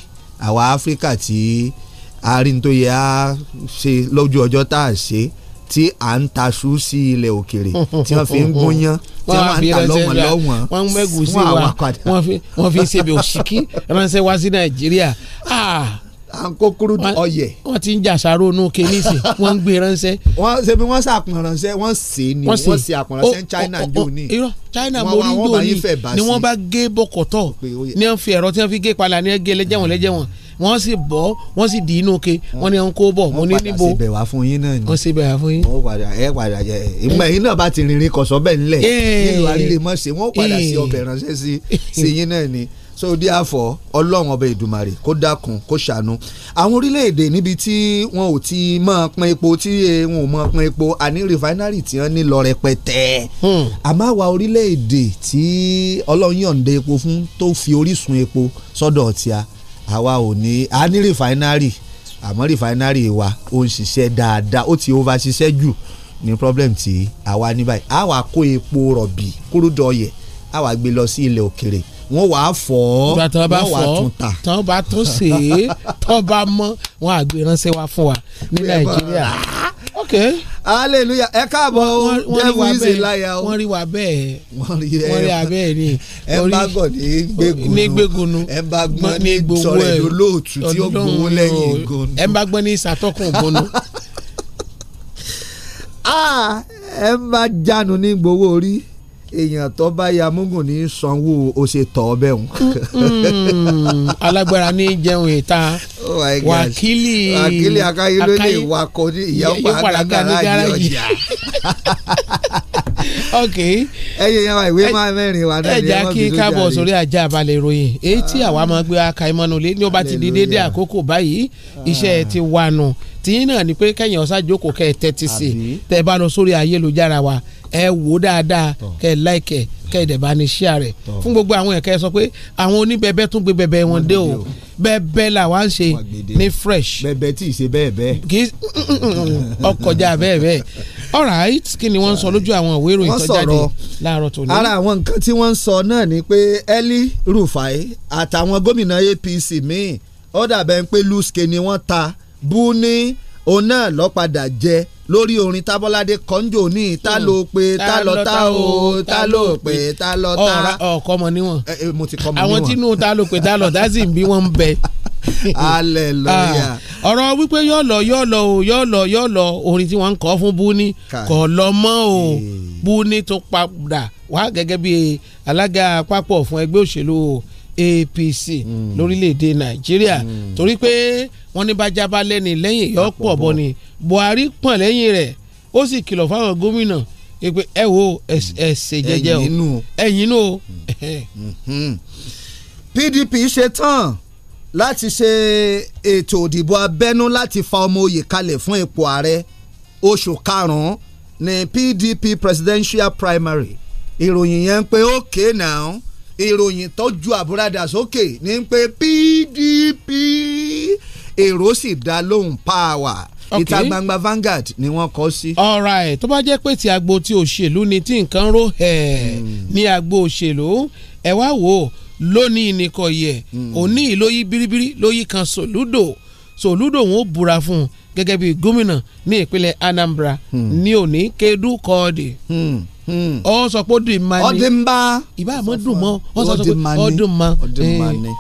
àwa áfíríkà tí arintoye á ṣe lójú ọjọ́ tá a ṣe tí à ń taṣú sí ilẹ̀ òkèrè tí wọ́n fi ń gúnyán tí wọ́n ń ta lọ́wọ́n wọ́n mẹ́gùn sí wa wọ́n fi ń ṣe bí òṣìkí ránṣẹ́ wá sí nàìjíríà ah à ń kó kúrú ọyẹ. wọ́n ti ń jàṣàrò inú kẹ́míìsì wọ́n ń gbé ránṣẹ́. wọ́n ṣe bí wọ́n ṣàpọ̀n ránṣẹ́ wọ́n ṣe ni wọ́n ṣe àpọ̀n ránṣẹ́ China jò ní. irọ́ China mo rí jò ní ni wọ́n bá gé bọ̀kọ̀tọ̀ ní wọ́n fi ẹ̀rọ tí wọ́n fi gé palà ní gé lẹ́jẹ̀wọ̀n lẹ́jẹ̀wọ̀n wọ́n sì bọ́ wọ́n sì dì í nù ke wọ́n ní ń kó bọ̀ mo ní níbo wọ́n padà síbẹ̀ wá fún yín náà ni wọ́n síbẹ̀ wá fún yín. wọ́n padà ẹ padà jẹ ìgbà yín náà bá ti rìnrìn kọ̀sọ́ bẹ́ẹ̀ ńlẹ̀ yín ìwà líle mọ̀ ṣe wọ́n padà sí ọbẹ̀ ránṣẹ́ sí yín náà ni so therefore ọlọ́run ọba ìdùmarè kó dákun kó ṣàánú àwọn orílẹ̀-èdè níbi tí wọn ò ti mọ̀ pọn epo tí eh, wọn ò mọ̀ pọn epo àní rìfáínárì tí wọ́n ní lọ rẹpẹtẹ àmọ́ hmm. àwa orílẹ̀-èdè tí ọlọ́run yọ̀ǹda epo fún tó fi orísun epo sọ́dọ̀ tíá àwa ò ní àní rìfáínárì àmọ́ rìfáínárì wa ó ń ṣiṣẹ́ dáadáa ó ti over ṣiṣẹ́ jù ní problem tí àwa ní báyìí àwa kó epo rọ̀bì kúrúdọ̀ ọ̀yẹ̀ àwa gbé lọ sí ilẹ̀ òkèrè wọ́n wà á fọ̀ ọ́ wọ́n wà á tún ta. tán bá tún sè é tán bá mọ́ wọn àgbè ránṣẹ́ wa fún wa ní nàìjíríà. ok hallelujah ẹ káàbọ̀ devil is a liar o. rí wa bẹ́ẹ̀ wọ́n rí wa bẹ́ẹ̀ ni. ẹ bá gọ̀ ní gbégunu ẹ bá gbọ́n ní sọ̀rọ̀ èdè olóòtú tí ó gbowó lẹ́yìn ìgbónú. ẹ bá gbọ́n ní ìsàtọ́kùn ìgbónú ah, ẹ bá jánu ní gbowó orí èèyàn tó bá ya mugun ní sanwó o ṣe tọ̀ ọ́ bẹ́ẹ̀ hùn. alágbára ní jẹun ìta oh wákìlì wákìlì akáyíló lè ní ìyá ọ̀pá àgàrà ìyọjà. ok ẹyẹ yẹn wa ìwé máa mẹ́rin wa náà ni wọ́n fi tó jáde. ẹ jẹ́ kí káàbọ̀ sórí ajá balẹ̀ ìròyìn èyí tí àwa máa gbé akaimọ́nu lé ní ó bá ti di déédéé àkókò báyìí iṣẹ́ ah. ti wà nù tí náà ni pé kẹ́yìn ọ̀sán jókòó kẹ́ ẹ tẹ́tí sí tẹ́ bá lọ sórí ayélujára wa ẹ wò ó dáadáa kẹ́ ẹ láìkẹ́ kẹ́ ẹ dẹ̀ bá ní ṣíà rẹ̀ fún gbogbo àwọn ẹ̀ka ẹ sọ pé àwọn oníbẹ̀bẹ̀ tún gbé bẹ̀bẹ̀ wọn dé o bẹ́ẹ̀bẹ́ la wá ń ṣe ní fresh. bẹ́ẹ̀bẹ́ tí ì ṣe bẹ́ẹ̀ kì í ọkọjà mm, mm, mm, bẹ́ẹ̀ alright kí ni wọ́n ń sọ lójú àwọn ìwé ìròyìn tó jáde láàárọ̀ tòní. ara àwọn nǹkan tí wọ́n ń sọ náà ni pé Eli Rufai àtàwọn gómìnà APC míì ó dàbẹ̀ ń pé luske ni wọ́n ta bú ní òun náà lọ padà jẹ lórí orin tábọ́ládé kọ́njò ní ta ló pe ta lọ ta o ta ló pe ta lọ ta. ọkọ mọ níwọn mo ti kọ mọ níwọn àwọn tí inú ta ló pe ta lọ dásì bí wọ́n ń bẹ. hallelujah. Ah, ọ̀rọ̀ wípé yóò lọ yóò lọ o yóò lọ yóò lọ orin tí wọ́n ń kọ́ fún buni kò lọ mọ́ o buni tó padà wá gẹ́gẹ́ bí alága àpapọ̀ fún ẹgbẹ́ òṣèlú o. APC hmm. lórílẹ̀‐èdè Nàìjíríà hmm. torí pé wọ́n ní bájá bá lẹ́ni lẹ́yìn yọ pọ̀ bọ́ ni Buhari pọ̀n lẹ́yìn rẹ̀ ó sì kìlọ̀ fáwọn gómìnà pé ẹ wo ẹ ṣe jẹ́jẹ́ o ẹ̀yin nù o. PDP hmm. ṣe tán láti ṣe ètò òdìbò abẹ́nú láti fa ọmọ oyè kalẹ̀ fún ipò ààrẹ oṣù karùn-ún ní PDP presidential primary ìròyìn yẹn ń pé ókè náà ìròyìn tọ́jú àbúradà sókè ní pé PDP èrò sì dá lóhùn pààwà ìta gbangba Vanguard ni wọ́n kọ sí. alright tó bá jẹ́ pé ti agbo ti òṣèlú ni tí nǹkan ró ẹ̀ hmm. ní agbo òṣèlú ẹ̀ wá wò ó lónìí nìkan yẹ hmm. òní ìlóyí biribiri lóyí kan sòlúdò sòlúdò wọn ò búra fún un gẹ́gẹ́ bí gómìnà ní ìpínlẹ̀ Anambra hmm. ní òní kédu kọ́ọ̀dì. Hmm ọ sọ pé ó dùn ma ni ọdún ma ìbá àmọ́ dùn mọ́ ọ sọ pé ọdún ma ọdún ma ni.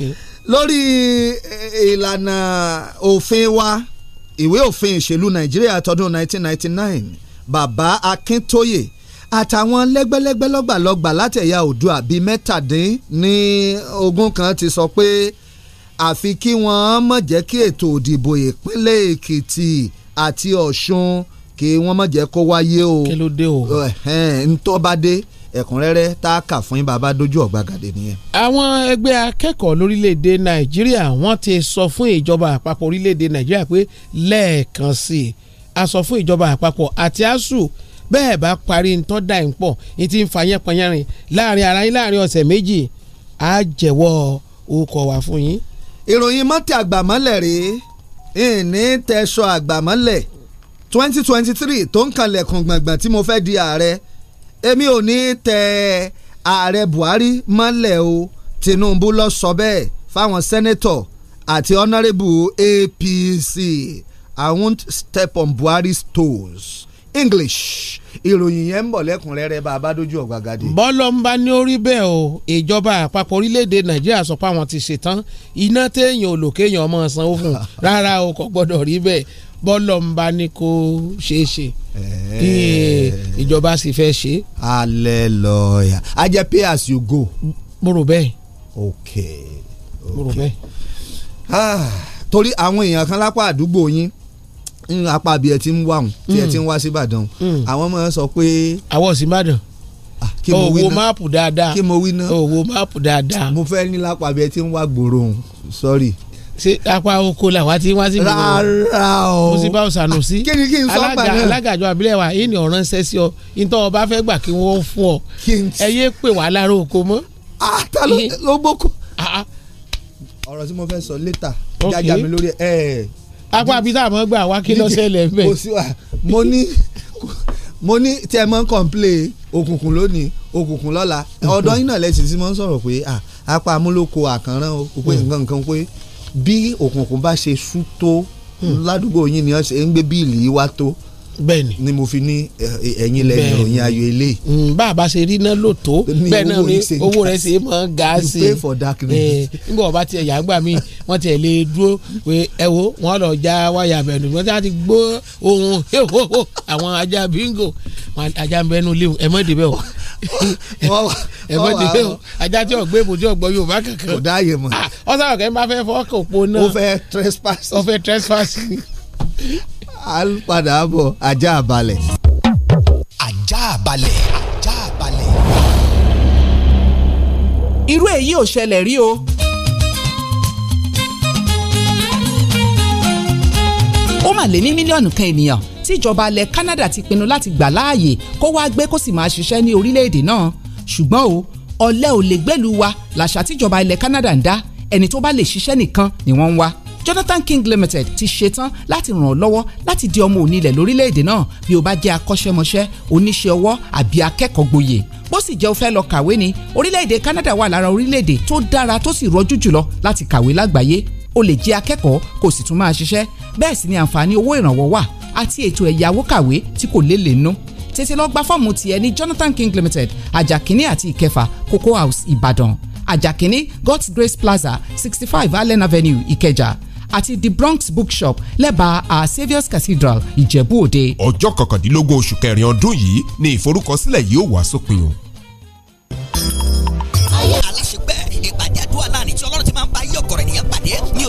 Eh, lórí eh, ìlànà òfin wa ìwé òfin ìṣèlú nàìjíríà tọdún 1999 bàbá akíntóyè àtàwọn lẹ́gbẹ́lẹ́gbẹ́ lọ́gbàlọ́gbà látẹ̀yà oòdùà bíi mẹ́tàdín ní ogún kan ti sọ pé àfi kí wọ́n mọ̀ jẹ́ kí ètò òdìbò ìpínlẹ̀ èkìtì àti ọ̀ṣun kí wọ́n má jẹ́ kó wáyé o kí ló dé o ntọ́ bá dé ẹ̀kúnrẹ́rẹ́ tá a kà fún yín bàbá dojú ọ̀gbagadè nìyẹn. àwọn ẹgbẹ́ akẹ́kọ̀ọ́ lórílẹ̀‐èdè nàìjíríà wọ́n ti sọ fún ìjọba àpapọ̀ orílẹ̀‐èdè nàìjíríà pé lẹ́ẹ̀kan sí i a sọ fún ìjọba àpapọ̀ àti asuu bẹ́ẹ̀ bá parí ntọ́ da ẹ̀ ń pọ̀ ní ti ń fa yẹn pọnyẹ́rin láàrin ara yín láàrin ọ̀sẹ̀ méjì á jẹ̀wọ́ orúkọ wa fún yín. ìròyìn mọ́tì àgbàmọ́lẹ̀ rèé ìní tẹ̀sọ̀ àgbàmọ́lẹ̀ twenty twenty three tó ń kanlẹ̀kùn gbọ̀ngbọ̀n tí mo fẹ́ di ààrẹ èmi ò ní tẹ ààrẹ Buhari mọ́lẹ̀ o Tinubu lọ sọ bẹ́ẹ̀ fáwọn sẹ́nẹ́tọ̀ àti honourable APC I won't step on Buhari's toes English ìròyìn yẹn ń bọ̀ lẹ́kùnrẹ́rẹ́ bá a bá dójú ọ̀gàgàdé. bọ́lọ́mbà ní orí bẹ́ẹ̀ o ìjọba àpapọ̀ orílẹ̀-èdè nàìjíríà sọ pé àwọn ti ṣetán iná téèyàn olókèèyàn ọmọ sanwó fún rárá o kò gbọ́dọ̀ rí bẹ́ẹ̀ bọ́lọ̀ ń bá ní kó ṣeé ṣe bí ìjọba sì fẹ́ ṣe. hallelujah a jẹ pay as you go. mo rò bẹ́ẹ̀. ok ok mo rò bẹ́ẹ̀. Ah, torí àwọn èèyàn kan lápá àdúgbò yín apá bí ẹ ti ń wá wọn tí ẹ hmm. ti ń wá síbàdàn hmm. àwọn máa ń sọ pé. àwọn òsínbàdàn ah, owó máàpù dáadáa owó máàpù dáadáa. mo fẹ́ ní lápá bí ẹ ti ń wá gbòòrò sọ́rí ṣe apá oko la wá tí wá sí. rárá o mo sì bá ọ̀sánù sí. kí ni kí n sọ pàdé. alága àjọ abilẹ̀ wa yìí ni ọ̀ràn ṣẹ́ sí ọ ntọ́ ọba fẹ́ gbà kí wọ́n fún ọ. kí n ti ẹ yé pè wá lára oko mọ́. ata ló gbókò. ọ̀rọ̀ tí mo fẹ́ sọ létà jájà mi lórí ẹ̀. apá abita àmọ́ gbà wá kí lọ́sẹ̀ lẹ̀ ń mo ní mo ní tí ẹ mọ́ ń kọ̀ǹplé òkùnkùn lónìí òkùnkùn lọ́la ọ̀dọ́ yín náà lẹ́sìn sí mọ́ ń sọ̀rọ̀ pé apá amúlòkọ àkànrán o pé hmm. nǹkan nǹkan pé bí òkùnkùn bá ṣe sú tó hmm. ládùúgbò yín ni wọ́n ṣe ń gbé bíìlì yìí wá tó bẹ́ẹ̀ni ni mo fi ní eh, ẹ̀yin lẹ́yìn ìròyìn ayọ̀ ilé. bàbá mm, ṣe rí iná lò tó bẹ́ẹ̀ náà ni owó rẹ̀ ṣe máa ga sí i. you pay for darkness. Eh, nígbà wọ́n bá tiẹ̀ yà gbà mí wọ́n tiẹ̀ lè dúró pé ẹ wo wọ́n lọ já wáyà bẹ̀rù wọ́n ti gbọ́ ohun ehoho àwọn ajá bingo ajá ń bẹnu léwu ẹ mọ̀ débẹ̀ o ẹ mọ̀ débẹ̀ o ajá tí ọ̀gbẹ́ ibò tí ọ̀gbọ́ Yorùbá kankan. kò dáàyè mọ̀. Ah, ọ̀sán ọ̀kẹ́ ń bá fẹ́ fọ́ kòpó náà. ó fẹ́ trespass. ó fẹ́ trespass à ń padà bọ̀ ajá balẹ̀. ajá balẹ̀ ajá balẹ̀. irú èyí ò ṣẹlẹ̀ rí o. ó mà lé ní mílíọ̀nù kan ènìyàn tí ìjọba ilẹ̀ Canada ti pinnu láti gbà láàyè kó wáá gbé kó sì máa ṣiṣẹ́ ní orílẹ̀-èdè náà ṣùgbọ́n o ọ̀lẹ ò lè gbẹ́lu wa làṣà tíjọba ilẹ̀ Canada ń dá ẹni tó bá lè ṣiṣẹ́ nìkan ni wọ́n ń wá Jonathan King Limited ti ṣetán láti ràn ọ́ lọ́wọ́ láti di ọmọ onílẹ̀ lórílẹ̀‐èdè náà bí o bá jẹ́ akọ́ṣẹ́mọṣẹ́ oníṣẹ́ ọwọ́ àbí akẹ́kọ̀ọ́ gboyè bó sì jẹ́ o fẹ́ lọ kàwé ni orílẹ̀-èdè Canada wà lára orílẹ̀-èdè tó dára tó sì rọjú jùlọ láti kàwé lágbàáyé o lè jẹ́ akẹ́kọ̀ọ́ kò sì tún máa ṣiṣẹ́ bẹ́ẹ̀ sì ni àǹfààní owó ìrànwọ́ wà àti ètò ẹ̀yáwó kàwé tí kò lélẹ̀ nú tètè lọ gba fọ́ọ̀mù tiẹ̀ ní Jonathan King Limited ajakini àti ìkẹfà Cocoa House Ìbàdàn ajakini God's Grace Plaza sixty five Allen Avenue Ìkẹjà àti the bronx bookshop lẹ́bàá our saviour's cathedral ìjẹ̀bú òde. ọjọ́ kọkàndínlógún oṣù kẹrin ọdún yìí ni ìforúkọsílẹ̀ yìí ó wá sópin o.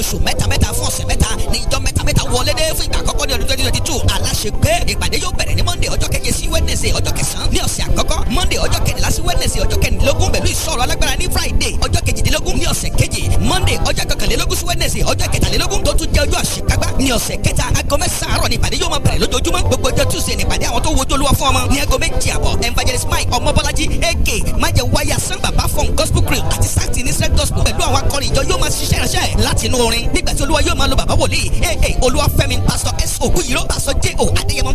oṣù mẹ́ta mẹ́ta fún ọ̀sẹ̀ mẹ́ta ní ìjọ mẹ́ta mẹ́ta wọlé dé fún ìgbà àkọ́kọ́ ní ọdún twenty twenty two aláṣepẹ́ ìpàdé yóò bẹ̀rẹ̀ ní monday ọjọ́ keje wednesday ọjọ́ kẹsàn-án ní ọ̀sẹ̀ àkọ́kọ́ monday ọjọ́ kẹrìnlá sí wednesday ọjọ́ kẹrìndínlógún pẹ̀lú ìsọ̀rọ̀ alágbára ní friday ọjọ́ kejìdínlógún ní ọ̀sẹ̀ kejì monday ọjọ́ kọkànlélógún sí wednesday ọjọ́ kẹtàlélógún tó tún jẹ́ ọjọ́ àṣekágbá ní ọ̀sẹ̀ kẹta aago mẹ́sàn-án àárọ̀ nípàdé yóò máa bẹ̀rẹ̀ lójoojúmọ́ gbogbo ọjọ́ tuesday nípàdé àwọn tó wojú olúwa fún ọmọ ní aago méjì àbọ̀ evangelist mike ọmọbọ́lájí ak májẹ̀ wáyà san bàbá fún gospel crew àti sáàtì ní sẹ́ gospel pẹ̀lú àwọn akọrin ìjọ yóò máa ṣiṣẹ́ ránṣẹ́ láti inú orin nígbà tí olúwa yóò máa lo bàbá wòlíì aa olúwafẹ́mi pastor s ògúyìró pastor j o adéyẹmọ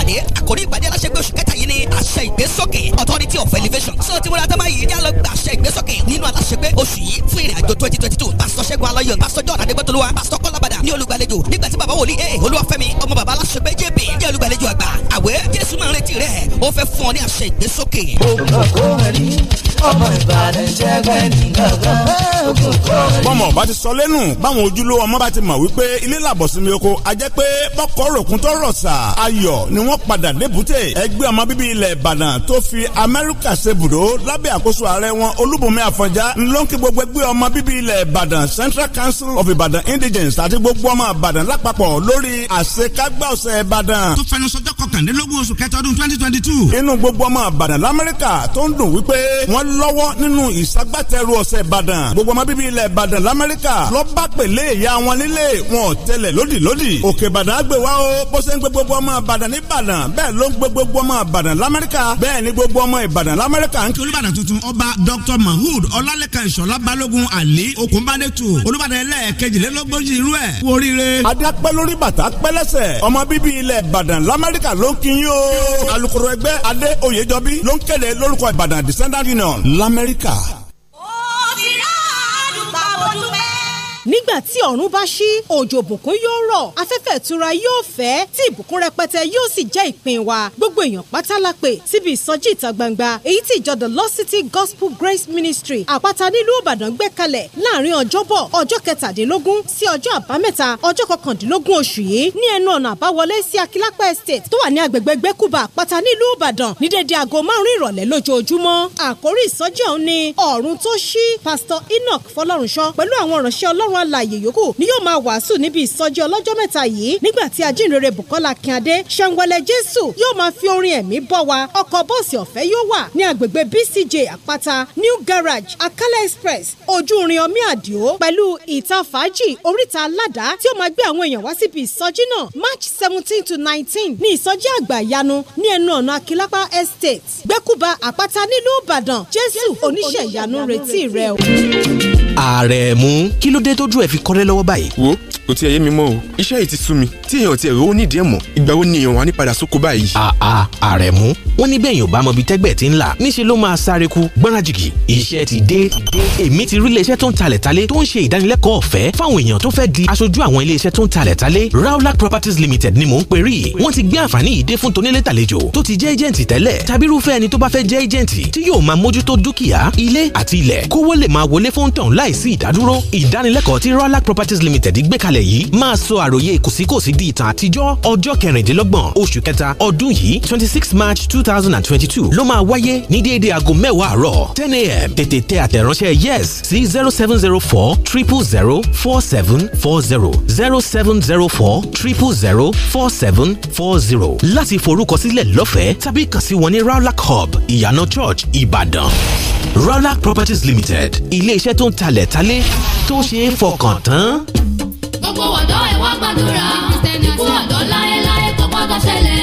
ìpàdé àkórí ìpàdé aláṣẹgbé oṣù kẹta yìí ni àṣẹ ìgbésókè authority of elevation so ti múra tẹ́lẹ̀ yìí ní àlọ́ gba àṣẹ ìgbésókè nínú aláṣẹgbé oṣù yìí fún ìrìn àjò twenty twenty two pásítọ̀ ṣẹ́gun alọ́yọ̀ pásítọ̀ jọ̀ọ́ adégbẹ́tolúwa pásítọ̀ kọ́lábàdà ní olùgbàlejò nígbà tí bàbá wòlíì ee eh, olúwafẹ́mi ọmọ bàbá aláṣẹgbé jb jẹ́ olùgbàlejò àgbà àwẹ̀ jésù máa ń retí rẹ̀ ó fẹ́ fún ọ ní àṣẹ ìgbésókè. ọmọ ìbàdàn jẹ́gbẹ́ nìkan kan bọ́mọ̀ bá ti sọ lẹ́nu báwọn ojúlówó ọmọ bá ti mọ̀ wípé ilé làbọ̀sùnmi oko a jẹ́ pé bọ́kọ̀ rògùn tó rọ̀ sà ayọ̀ ni w wọ́n padà débùté ẹgbẹ́ ọmọ bíbí ilẹ̀ ìbàdàn tó fi amẹ́ríkà ṣe bùdó lábẹ́ àkóso ààrẹ wọn olúbùnmi àfọ̀njá ńlọ́nkì gbogbo ẹgbẹ́ ọmọ bíbí ilẹ̀ ìbàdàn central council of ìbàdàn indigenes àti gbogbo ọmọ ìbàdàn lápapọ̀ lórí àṣekágbá ọ̀sẹ̀ ìbàdàn. tó fẹnu sọjọ́ kọkànlélógún oṣù kẹta ọdún twenty twenty two. inú gbogbo ọmọ ìbàdàn lamẹ́ríkà tó ń dùn wípé wọ́n lọ́wọ́ nínú ìsagbátẹrù ọ̀sẹ̀ ìbàdàn gbogbo ọmọ bíbí ilẹ̀ ìbàdàn lamẹ́ríkà lọ́ bá pèlè ìyá wọn nílé wọn ò tẹlẹ̀ lódìlódì òkè ìbàdàn àgbèwá o bó ṣe ń gbé gbogbo ọmọ ìbàdàn níbà ìbàdàn bẹ́ẹ̀ ló ń gbé gbogbo ọmọ ìbàdàn l'Amẹ́ríkà bẹ́ẹ̀ ni gbogbo ọmọ ìbàdàn l'Amẹ́ríkà ń kí olùbàdàn tuntun ọba dr mahood ọlálẹ́kan ìṣọ̀lá balógun ali okunbanetu olùbàdàn ẹlẹ́ẹ̀kejìlélógójì irú ẹ̀ kú oríire. adapẹ́ lórí bàtà pẹ́lẹ́sẹ̀ ọmọ bíbí ilẹ̀ ìbàdàn l'Amẹ́ríkà ló kí yín o. alukoro ẹgbẹ́ adé oyèjọbí ló ń kéde lórúkọ ìbàdàn nígbà tí ọ̀run bá ṣí òjò bùkún yóò rọ̀ afẹ́fẹ́ ìtura yóò fẹ́ tí ìbùkún rẹpẹtẹ yóò sì jẹ́ ìpín wa gbogbo èèyàn pátá la pè síbi ìsọjí ìta gbangba èyí tí ìjọ the lost city gospel grace ministry àpáta nílùú ìbàdàn gbé kalẹ̀ láàrin ọjọ́bọ̀ ọjọ́ kẹtàdínlógún sí ọjọ́ àbámẹ́ta ọjọ́ kọkàndínlógún oṣù yìí ní ẹnu ọ̀nà àbáwọlé sí akílápá estate tó wà ní agbègbè gbẹ́kùbà àpáta nílùú ìbàdàn ní dédé aago márùn-ún ìrọ̀lẹ́ lójoojúmọ́ àkórí ìsọjí ọ̀hún ni ọ̀run tó ṣí pásítọ̀ enoch fọlọ́runṣọ́ pẹ̀lú àwọn ìránṣẹ́ ọlọ́run alà ààyè yòókù ni yóò máa wàásù níbi ìsọjí ọlọ́jọ́ mẹ́ta yìí nígbà tí ajínrere Bùkọ́lá Akínadé ṣẹ̀ǹwẹ̀lẹ̀ Jésù yóò máa fi orin ẹ̀mí bọ́ wa ọkọ̀ bọ́ọ̀sì ọ̀fẹ́ yóò wà ní agbègbè BCJ Àpáta New Garage Akala Express ojú irin omi àdìo pẹ̀lú ìta fàájì oríta aládàá tí ó máa gbé àwọn èèyàn wá síbi ìsọjí náà March seventeen to nineteen ní ìsọjí àgbà ìyanu ní ẹnu ọ̀nà Akilapa Estate gbẹ́kúba Àpáta nílùú Ìbàdàn Jésù oníṣẹ́ ìyanu retí rẹ o. ààrẹ fi kọ́lé lọ́wọ́ báyìí. wo kò tiẹ̀ yé mi mọ́ o iṣẹ́ yìí ti sú mi tí èèyàn tiẹ̀ rówó nídìí ẹ̀ mọ́ ìgbà wo ni èèyàn wà ní padà sóko báyìí. àà àrẹ̀mú wọn ní bẹ́ẹ̀ yóò bá mọ tẹ́gbẹ̀ẹ́ ti ń là níṣẹ́ ló máa sáré ku gbọ́nrajìkì iṣẹ́ ti dé. èmi ti rí iléeṣẹ́ tó ń talẹ̀ talé tó ń ṣe ìdánilẹ́kọ̀ọ́ ọ̀fẹ́ fáwọn èèyàn tó fẹ́ di aṣojú Properties Limited ni mò ń perí wọ́n ti gbé àǹfààní yìí dé fún tonílé tàlejò tó ti jẹ́ ẹ́jẹ̀ǹtì tẹ́lẹ̀ tàbí irúfẹ́ ẹni tó bá fẹ́ jẹ́ ẹ́jẹ̀ǹtì tí yóò máa mójútó dúkìá ilé àti ilẹ̀ kówó Rawlac Properties Limited gbé kalẹ̀ yìí máa sọ àròyé kòsíkòsí di ìtàn àtijọ́ ọjọ́ kẹrìndínlọ́gbọ̀n oṣù kẹta ọdún yìí twenty six march two thousand and twenty two ló máa wáyé ní déédéé aago mẹ́wàá àárọ̀ ten a.m. tètè tẹ àtẹ̀ránṣẹ́ yes sí zero seven zero four triple zero four seven four zero zero seven zero four triple zero four seven four zero láti forúkọsílẹ̀ lọ́fẹ̀ẹ́ tàbí kàn sí wọn ní Rawlac hub ìyànà church ìbàdàn Rawlac Properties Limited ilé iṣẹ́ tó ń talẹ̀ talé tó ṣe é fọkàn sàn tán. gbogbo ọ̀dọ́ ẹ̀ wá gbàdúrà ikú ọ̀dọ́ láéláé kò gbọ́dọ̀ ṣẹlẹ̀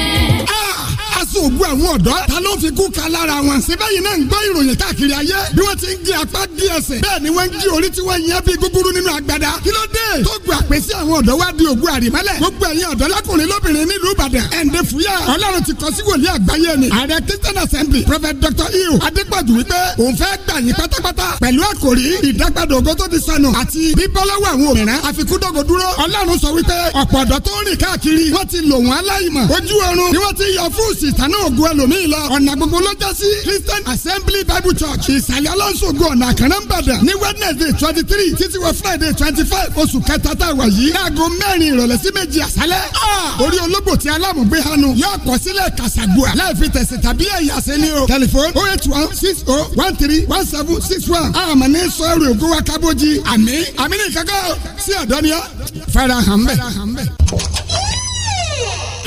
ògùn àwọn ọ̀dọ́ ta ló fi kú ka lára wọn. síbẹ̀ yìí náà ń gbọ́ ìròyìn káàkiri ayé bí wọ́n ti ń gé apá dí ẹsẹ̀ bẹ́ẹ̀ ni wọ́n ń gé orí tí wọ́n yẹn bí gúgúrú nínú agbada. kí ló dé tó gbọ́ àpèsè àwọn ọ̀dọ́ wá di ògùn àrìmọ́lẹ̀ gbogbo ẹ̀yin ọ̀dọ́ lákùnrin lóbìnrin nílùú Ìbàdàn ẹ̀ǹdẹ̀ fúyà Ọlọ́run ti kọ́ sí wòlíì àgbáyé ni ààrẹ Christian Assembly Prophet Dr. iu Adépọ̀jù wípé òun fẹ́ gbà yín pátápátá pẹ̀lú àkòrí ìdágbàdo ògo tó ti sọnù àti bíbọ́lọ́wọ́ àwọn òmìnira àfikúndógo dúró Ọlọ́run sọ wípé ọ̀pọ̀ ọ̀dọ́ tó rìn káàkiri wọ́n ti lò wọ́n aláìmọ̀ àánú ògo ẹlòmíì lọ ọ̀nà gbogbo ló sí Christian Assembly Bible Church ìsàlẹ̀ ọlọ́sọ̀gù ọ̀nà àkàràǹbàdàn ní Wednesday twenty three títí wọ Friday twenty five oṣù kẹta tá a wà yìí láago mẹ́rin ìrọ̀lẹ́ sí méjì àṣálẹ́ orí ológbò tí alámùgbé hanu yóò kọ sílẹ̀ kàṣàgbọ́à láìfi tẹ̀sẹ̀ tàbí ẹ̀yà ṣe ni o tẹlifon oh eight one six oh one three one seven six one àmì ní sọ̀rọ̀ ògo wa kábòjì àmì àmì ní ìkákọ́ sí ọ̀dọ́ ni ọ́ farahàn bẹ́ẹ̀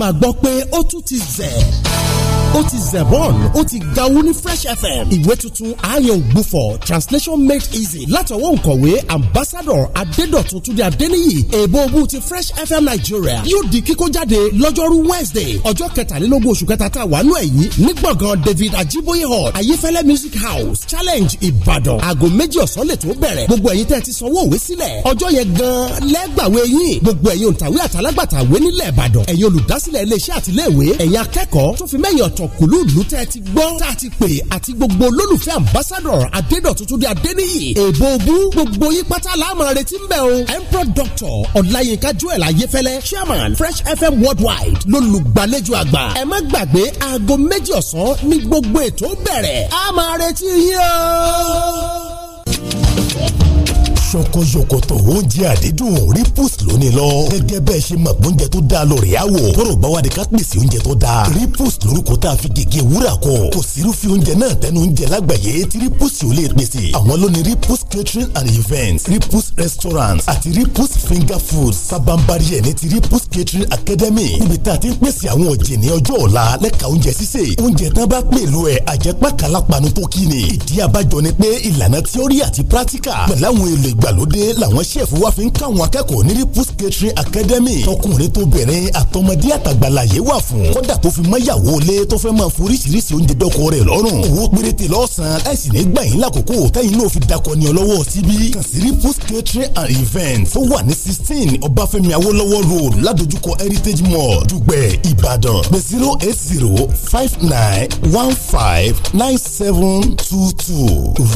máa gbọ́ pé ó tún ti zẹ̀ ó ti zebon ó ti gawu ní fresh fm ìwé tuntun ayan ògbufọ̀ translation made easy látọwọ́ nkọ̀wé ambassador adédọ̀tun túnde adéníyì èèbó ogun ti fresh fm nigeria yóò di kíkó jáde lọ́jọ́rú wednesday ọjọ́ kẹtàlélógún oṣù kẹta tá a wà nù ẹ̀yìn ní gbọ̀ngàn david ajiboye hall ayéfẹ́lẹ́ music house challenge ìbàdàn aago méjì ọ̀sán lè tó bẹ̀rẹ̀ gbogbo ẹ̀yin tẹ́ ti sanwó òwe sílẹ̀ ọjọ́ yẹn gan-an lẹ́gbàwé yín gbogbo ẹ̀yin òǹtàwé àtàlágbàtàwé nílẹ̀ ìbàdàn ẹ̀yin olùdásí ìdásílẹ̀ iléeṣẹ́ àtiléèwé ẹ̀yin akẹ́kọ̀ọ́ tó fi mẹ́yìn ọ̀tọ̀ kùlùlù tẹ́ ti gbọ́ tá a ti pè àti gbogbo olólùfẹ́ ambassador adédọ̀tutù di adéníyì èbó ogún gbogbo yín pátá láàmú retí ń bẹ̀ o emperor doctor ọláyínká joel ayéfẹ́lẹ́ chairman fresh fm worldwide lólùgbàlejò àgbà ẹ má gbàgbé aago méjì ọ̀sán ní gbogbo ètò bẹ̀rẹ̀ a máa retí yín o ṣokoyòkòtò oúnjẹ àdídùn ripus lónìí lọ. gẹ́gẹ́ bẹ́ẹ̀ ṣe mọ̀ gbóúnjẹ tó dáa lórí àwọ̀ tọrọ bá wà ká pèsè oúnjẹ tó dáa. ripus lórúkọ tá a fi gègé wúrà kọ kò sírúfẹ́ oúnjẹ náà tẹnu oúnjẹ lágbàáyé tí ripus yóò lè pèsè. àwọn ló ripus catering and events ripus restaurant àti ripus finger food sábàmbarì ẹ̀ ní ti ripus catering academy níbi tá a ti ń pèsè àwọn ọ̀jẹ̀ ní ọjọ́ ọ̀la lẹ́ka oúnjẹ sísè oúnjẹ tán bá pèlú ẹ̀ àjẹpákàlápanu tó kí ìdí abájọ ni pé ìlànà tíọ́rì àti pírátíkà pẹ̀láwọn èlò ìgbàlódé làwọn ṣẹ́ẹ̀fù wa fi ń káwọn akẹ́kọ̀ọ́ ní Ripples Catering Academy tọkùnrin tóbìnrin àtọmọdé àtàgbàlà yé wà fún kódà tó fi mọ́yàwó lé tó fẹ́ máa foríṣiríṣi oúnjẹ dọ́kọ rẹ̀ lọ́rùn owó péréte lọ́sàn-án láìsí ní gbà lákòókò tẹ́yìn náà fi dakọ̀ ní ọlọ́wọ́ síbí kàn sí Ripples Catering and Events tó wà ní sixteen Ọbáfẹ́mi Awólọ́wọ̀ road ládojúkọ Heritage Mall Dùgbẹ̀ Ìbàdàn pé zero eight zero five nine one five nine seven two two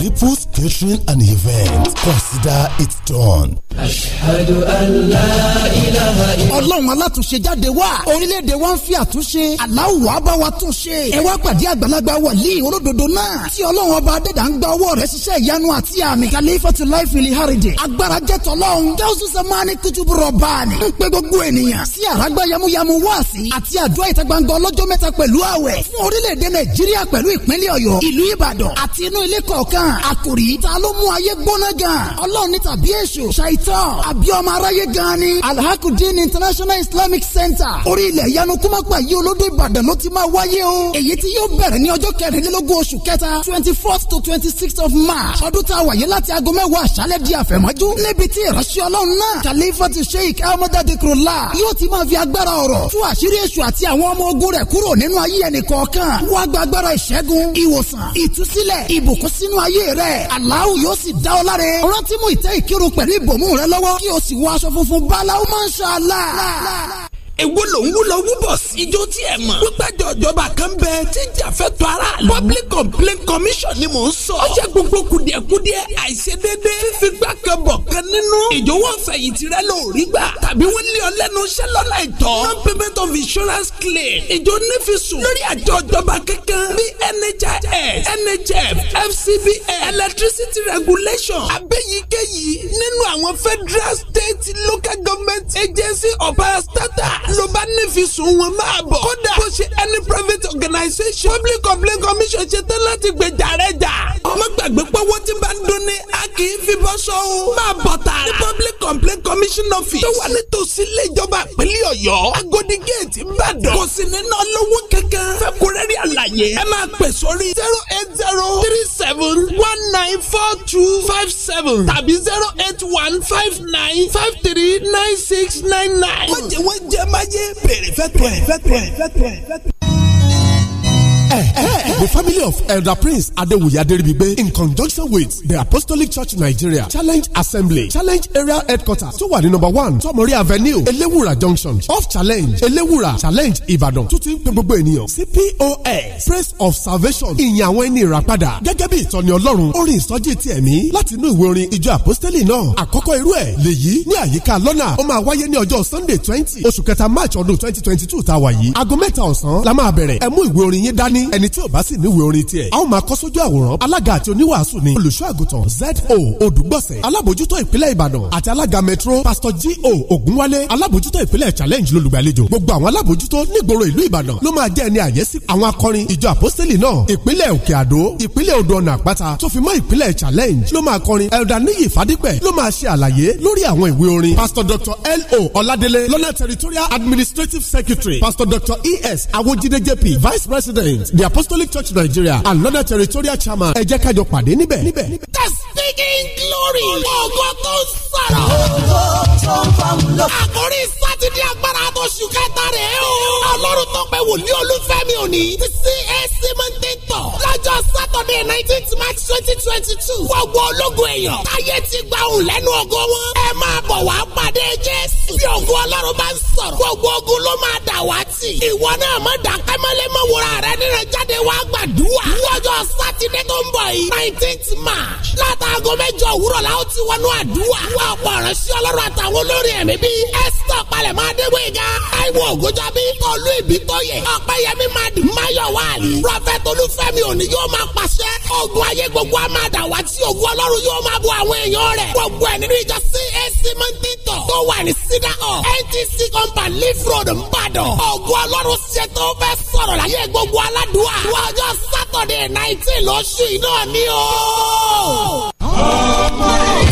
Ripples Catering and Events consider Inshallah it's done. Ashhadu an la ilaha Ọlọ́run alátúnṣe jáde wá. Orílẹ̀-èdè wa ń fi àtúnṣe. Aláwọ̀ wa bá wa túnṣe. Ẹ wá pàdé àgbàlagbà wàlíì olódodo náà. Tí Ọlọ́run ọba Adẹ́dà ń gba owó rẹ̀ ṣiṣẹ́ ìyanu àti àmì. Kàlífàtú Life Ilé Hàrìdè. Agbára jẹ́ tọ́lọ́run. Jáwùsù Sẹ́mánì Kìtùbù Rọ̀bàní. Ń pe gbogbo ènìyàn ọlọ́run ní tàbí èṣù ṣàìtàn àbí aráyé gan ni alhakudin international islamic center orí ilẹ̀ ìyanu kúmọ̀pá yìí olódò ìbàdàn ló ti máa wáyé o èyí tí yóò bẹ̀rẹ̀ ní ọjọ́ kẹrìnlélógún oṣù kẹta twenty fourth to twenty sixth of march ọdún tá a wáyé láti aago mẹ́wàá àṣálẹ́ di àfẹ̀mọ́jú níbi tí ìránṣẹ́ ọlọ́run náà kàlífàtì sheikh ahmed adekunla yóò ti máa fi agbára ọ̀rọ̀ tú àṣírí èṣù àti àwọn ọmọ ogun rẹ̀ kúrò nínú ayé ẹnì kọ̀ọ̀kan wá gba agbára ìṣẹ́gun ìwòsàn ìtúsílẹ̀ ìbùkún sínú ayé rẹ̀ aláwo yóò sì dá ọ láre rántí mú ìtẹ́ ìkírun pẹ̀lú ìbòmú rẹ lọ́wọ́ kí o sì wọ aṣọ funfun báláwo máa ń ṣe àlá èwo ló ń wúlọ wúbọ̀ sí. ijó tí ẹ mọ̀. wípéjọ ìjọba kan bẹ tí jàfẹ́tọ̀ ara lọ. public complaint commission ni mò ń sọ. ó ṣe gbogbo kùdìẹ̀kudìẹ àìṣedéédé. fífigbá kan bọ̀ kan nínú. ìjọ̀wọ́ fẹ̀yìntì rẹ ló rí gbà. tàbí wọ́n lé ọ lẹ́nu iṣẹ́ lọ́nà ìtọ́. non payment of insurance claim. ìjọ nífisùn. lórí àjọ ìjọba kankan. bí nhis nhf fcbn electricity regulation. abẹ́yíkéyìí nínú àwọn federal state local government agency of parastatal ló bá nífi sùn wọn máa bọ̀. kódà bó ṣe any private organisation, public complaint commission ṣe tán láti gbèjà rẹ̀ jà. ọmọ gbàgbé pọ́wọ́ tí bá ń dún ní kì í fi bọ́ sọ́hún. máa bọ̀ tààrà. ní public complaint commission office. tó wà nítòsí ilé ìjọba ìpínlẹ̀ ọ̀yọ́. agodi gate ìbàdàn. kò sí nínú olówó kankan. fẹ́kúrẹ́rì àlàyé. ẹ máa pè sórí zero eight zero three seven one nine four two five seven tàbí zero eight one five nine five three nine six nine nine. wọ́n jẹ́ wọ́n jẹ́ máa yé bèrè fẹ́tọ̀ ẹ̀ fẹ́tọ̀ ẹ̀ fẹ́tọ̀ ẹ̀ fẹ́tọ̀ ẹ̀. Eh, eh, eh. the family of elder prince adewuyi aderibigbe in conjunction with the apostolic church nigeria challenge assembly challenge area headquarters tó wà ní number one tọmọrí avenue elewura junction off challenge elewura challenge Ibadan. tó ti ń pe gbogbo ènìyàn sí pos praise of salvation ìyìn àwọn ẹni ìràpadà gẹ́gẹ́ bí ìtọ́ni ọlọ́run orin ìsọjí ti ẹ̀mí láti inú ìwé orin ìjọ àpọ́stẹ́lì náà àkọ́kọ́ irú ẹ̀ lèyí ní àyíká lọ́nà ó máa wáyé ní ọjọ́ sunday twenty oṣù kẹta march ọdún twenty twenty two tá a wà yìí aago mẹ́ta ọ̀sán la máa bẹ̀rẹ̀ ẹ mú ìwé orin yín dání ní ẹni tí ò bá sì níwèé orin tiẹ̀ a ó máa kọ́ sójú àwòrán alága àti oníwàásù ni olùṣọ́ àgùntàn zo odùgbọ̀sẹ̀ alábòjútó ìpínlẹ̀ ìbàdàn àti alága metro pastor go Ogunwale. alábòjútó ìpínlẹ̀ challenge lolùgbàlejò gbogbo àwọn alábòjútó nígboro ìlú ìbàdàn ló máa jẹ́ ẹni àyẹ́sí àwọn akọrin ìjọ àpọ́sítélì náà ìpínlẹ̀ òkè àdó ìpínlẹ̀ odò ọ̀nà àpáta tó fi mọ́ ìpínlẹ̀ challenge ló máa kọrin elda níyì fadípẹ̀ ló máa ṣe àlàyé lórí àwọn ìwé orin pastor dr lo ọládélé lọ́nà territorial administrative secretary pastor dr es awojide jp vice president the apostolic church nigeria and London territorial chairman ẹ jẹ́ ká jọ pàdé níbẹ̀. the singing glory ògo tó ń sọ̀rọ̀. ògo tó ń fọwọ́ lọ. àkórí sátidé agbára tó ṣù kẹta rẹ̀ o. ọlọ́run tó pẹ́ wòlíì olúfẹ́mi òní ti CAC mọ́tẹ́tọ̀ lọ́jọ́ sátọ̀dẹ̀ nineteenth march twenty twenty two. gbogbo ológun èèyàn táyé ti gba òun lẹ́nu ògo wọn. ẹ máa bọ̀ wá pàdé jésù. bí ògo ọlọ́run bá ń sọ̀rọ̀ gbogbo ogun ló máa dàwátì. ìwọ náà má dàkẹ́ mọ́lẹ́ mọ́ fẹ́ jáde wá gbàdúrà lọ́jọ́ sátidé tó ń bọ̀ yìí nineteenth march látàgọ mẹ́jọ òwúrọ̀ la ó ti wọnú àdúrà wọ́n ọ̀pọ̀ ìránṣẹ́ ọlọ́run àtàwọn olórin ẹ̀mí bíi esther palẹ̀mọ́ adégbèga taiwo ògójábí tọ́lú ìbí tóyè ọ̀pẹ́yẹmí madi máyọ̀wá àlì prọfẹ̀tì olúfẹ́mi òní yóò máa pàṣẹ ogun ayé gbogbo a máa dà wá tí ogun ọlọ́run yóò máa bu àwọn èèyàn rẹ̀ gbogbo ẹ̀ nínú ìjọ cac mọ́ńtítọ̀ tó wà ní cedar ntc company leaf road ńbàdàn ogun ọlọ́run ṣètò fẹ́ sọ̀rọ̀ láyé gbogbo aládé àdúrà wọ́jọ́ sátọ̀dẹ̀ nineteen lóṣù iná ni o. ọmọ rẹ̀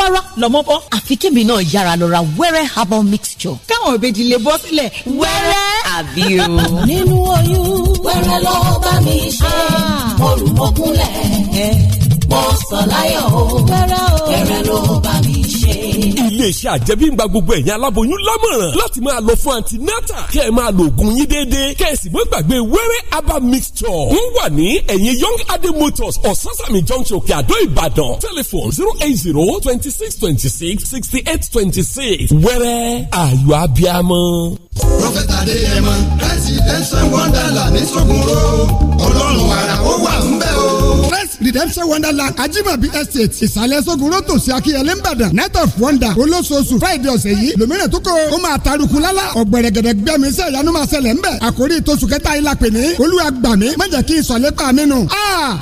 para lọ́mọ bọ́. àfi kébì náà yára lọ ra wẹ́rẹ́ herbal mixture. káwọn òbejì lè bọ́ sílẹ̀ wẹ́rẹ́. àbí o. nínú oyún wẹ́rẹ́ lọ bá mi ṣe ah. mo rù mọ́ kúnlẹ̀ eh. mo sọ láyọ̀ o wẹ́rẹ́ ló bá mi ṣe iléeṣẹ́ àjẹbí ń gba gbogbo ẹ̀yin aláboyún lámọ̀ràn láti máa lọ fún antinata kẹ́ ẹ máa lo oògùn yín déédéé kẹ́ ẹ sì mọ́ gbàgbé wẹ́rẹ́ aba mixture wọ́n wà ní ẹ̀yìn young ade motors ososami junction òkè àdó ìbàdàn telephone zero eight zero twenty six twenty six sixty eight twenty six wẹ́rẹ́ ayọ̀ abiamọ. prọfẹ̀tà adéyẹmọ residential wonderland ní sọ́gun ro ọlọ́run àrà ó wà ń bẹ̀ o. Redemption Wonderland Ajimabi Estate ìsàlẹ̀ sọ́gun rotò sí akíyẹlé ń bàdàn net of wonder lóṣooṣù friday ọ̀sẹ̀ yìí lòmìnira tó kọ ó máa taruku lálá ọ̀gbẹ̀rẹ̀gẹ̀dẹ̀ gbẹ̀mí sẹ́ ìyanu máa ṣẹlẹ̀ ńbẹ̀ àkórí tóṣù kẹta yìí la pè ní olúwa gbà mí má jẹ́ kí n sọ̀lẹ́ pa mí nù.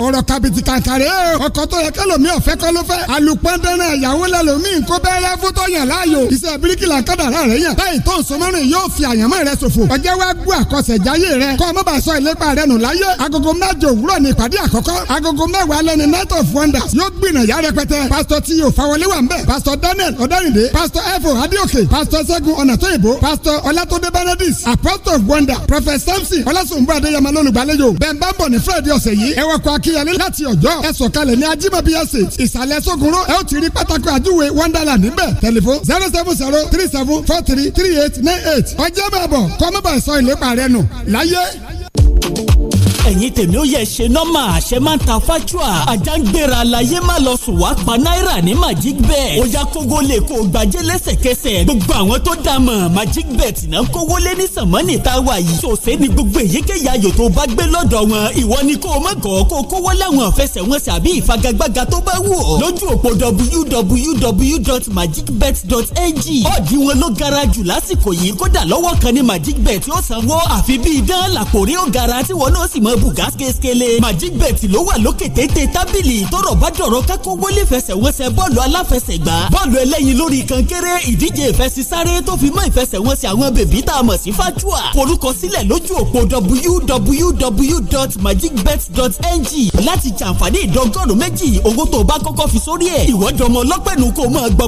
ọ̀rọ̀ kàbìtì kàkàrẹ́ ọkọ̀ tó yẹ kẹlòmí ọ̀fẹ́ kọ́ ló fẹ́ alùpàdánrẹ́ ìyàwó lẹ́lòmí kó bẹ́rẹ́ Kẹ́hìndé pastor Efo Adéòkè pastor Ṣẹ́gun Ọ̀nàtọ́yìnbó pastor Ọlátúndé Benedict apostle of wonder prophet Samson Ọlásùnbó Adéyẹmọ lọ́lùgbàlejò bẹ́ẹ̀ bá ń bọ̀ ní Friday ọ̀sẹ̀ yìí ẹ wọkọ̀ akínyẹlé láti ọjọ́ ẹ sọ̀kalẹ̀ ní Ajímọ̀bí ẹ̀sẹ̀ ìsàlẹ̀ Sógunró ẹ ó ti rí pátákó àjúwe Wonderland níbẹ̀ tẹlifon zero seven zero three seven four three three eight nine eight ọjọ́ bẹ̀ bọ̀ kọ́mọ́bà ìsọ ìlépa rẹ nù láyé ẹ̀yin tèmi ó yẹ ṣe nọ́mà àṣẹ máa ń ta fájúà àjàngbèrè àlàyé má lọ sùn wá pa náírà ní magic bet ó yá kógó lè kó gbajẹ́ lẹ́sẹ̀kẹsẹ̀ gbogbo àwọn tó dá mọ̀ magic bet náà kówó lé ní sànmọ́nì tá a wà yìí ṣòṣe ni gbogbo èyíkéyà ayò tó bá gbé lọ́dọ̀ wọn ìwọ ni kó o má gọ̀ kó o kówó láwọn fẹsẹ̀wọnsẹ̀ àbí ìfagagbága tó bá wù ọ́ lójú òpó www.magicbet.ng ọ̀dì wọn ló gara jù lásìkò yìí kódà lọ́wọ́ kan ní magic bet yóò sanwó àfi bíi dán làkòrí ó gara tí wọn náà sì mọ bùgá kéékèèlé magic bet ló wà lókè téńté tábìlì tọrọ bá dọ̀rọ̀ kákó wọlé fẹsẹ̀wọnsẹ̀ bọ́ọ̀lù aláfẹsẹ̀gbá bọ́ọ̀lù ẹlẹ́yin lórí kankéré ìdíje ìfẹsísáré tó fi mọ́ ìfẹsẹ̀wọnsẹ̀ àwọn bèbí tá a mọ̀ sí fájúà forúkọsílẹ̀ lójú òpó www.magicbet.ng láti jàǹfààní ìdọ́gọ́rùn méjì owó tó bá kọ́kọ́ fi sórí ẹ̀ ìwọ́dọ̀mọ́ lọ́pẹ̀nu kò máa gbọ́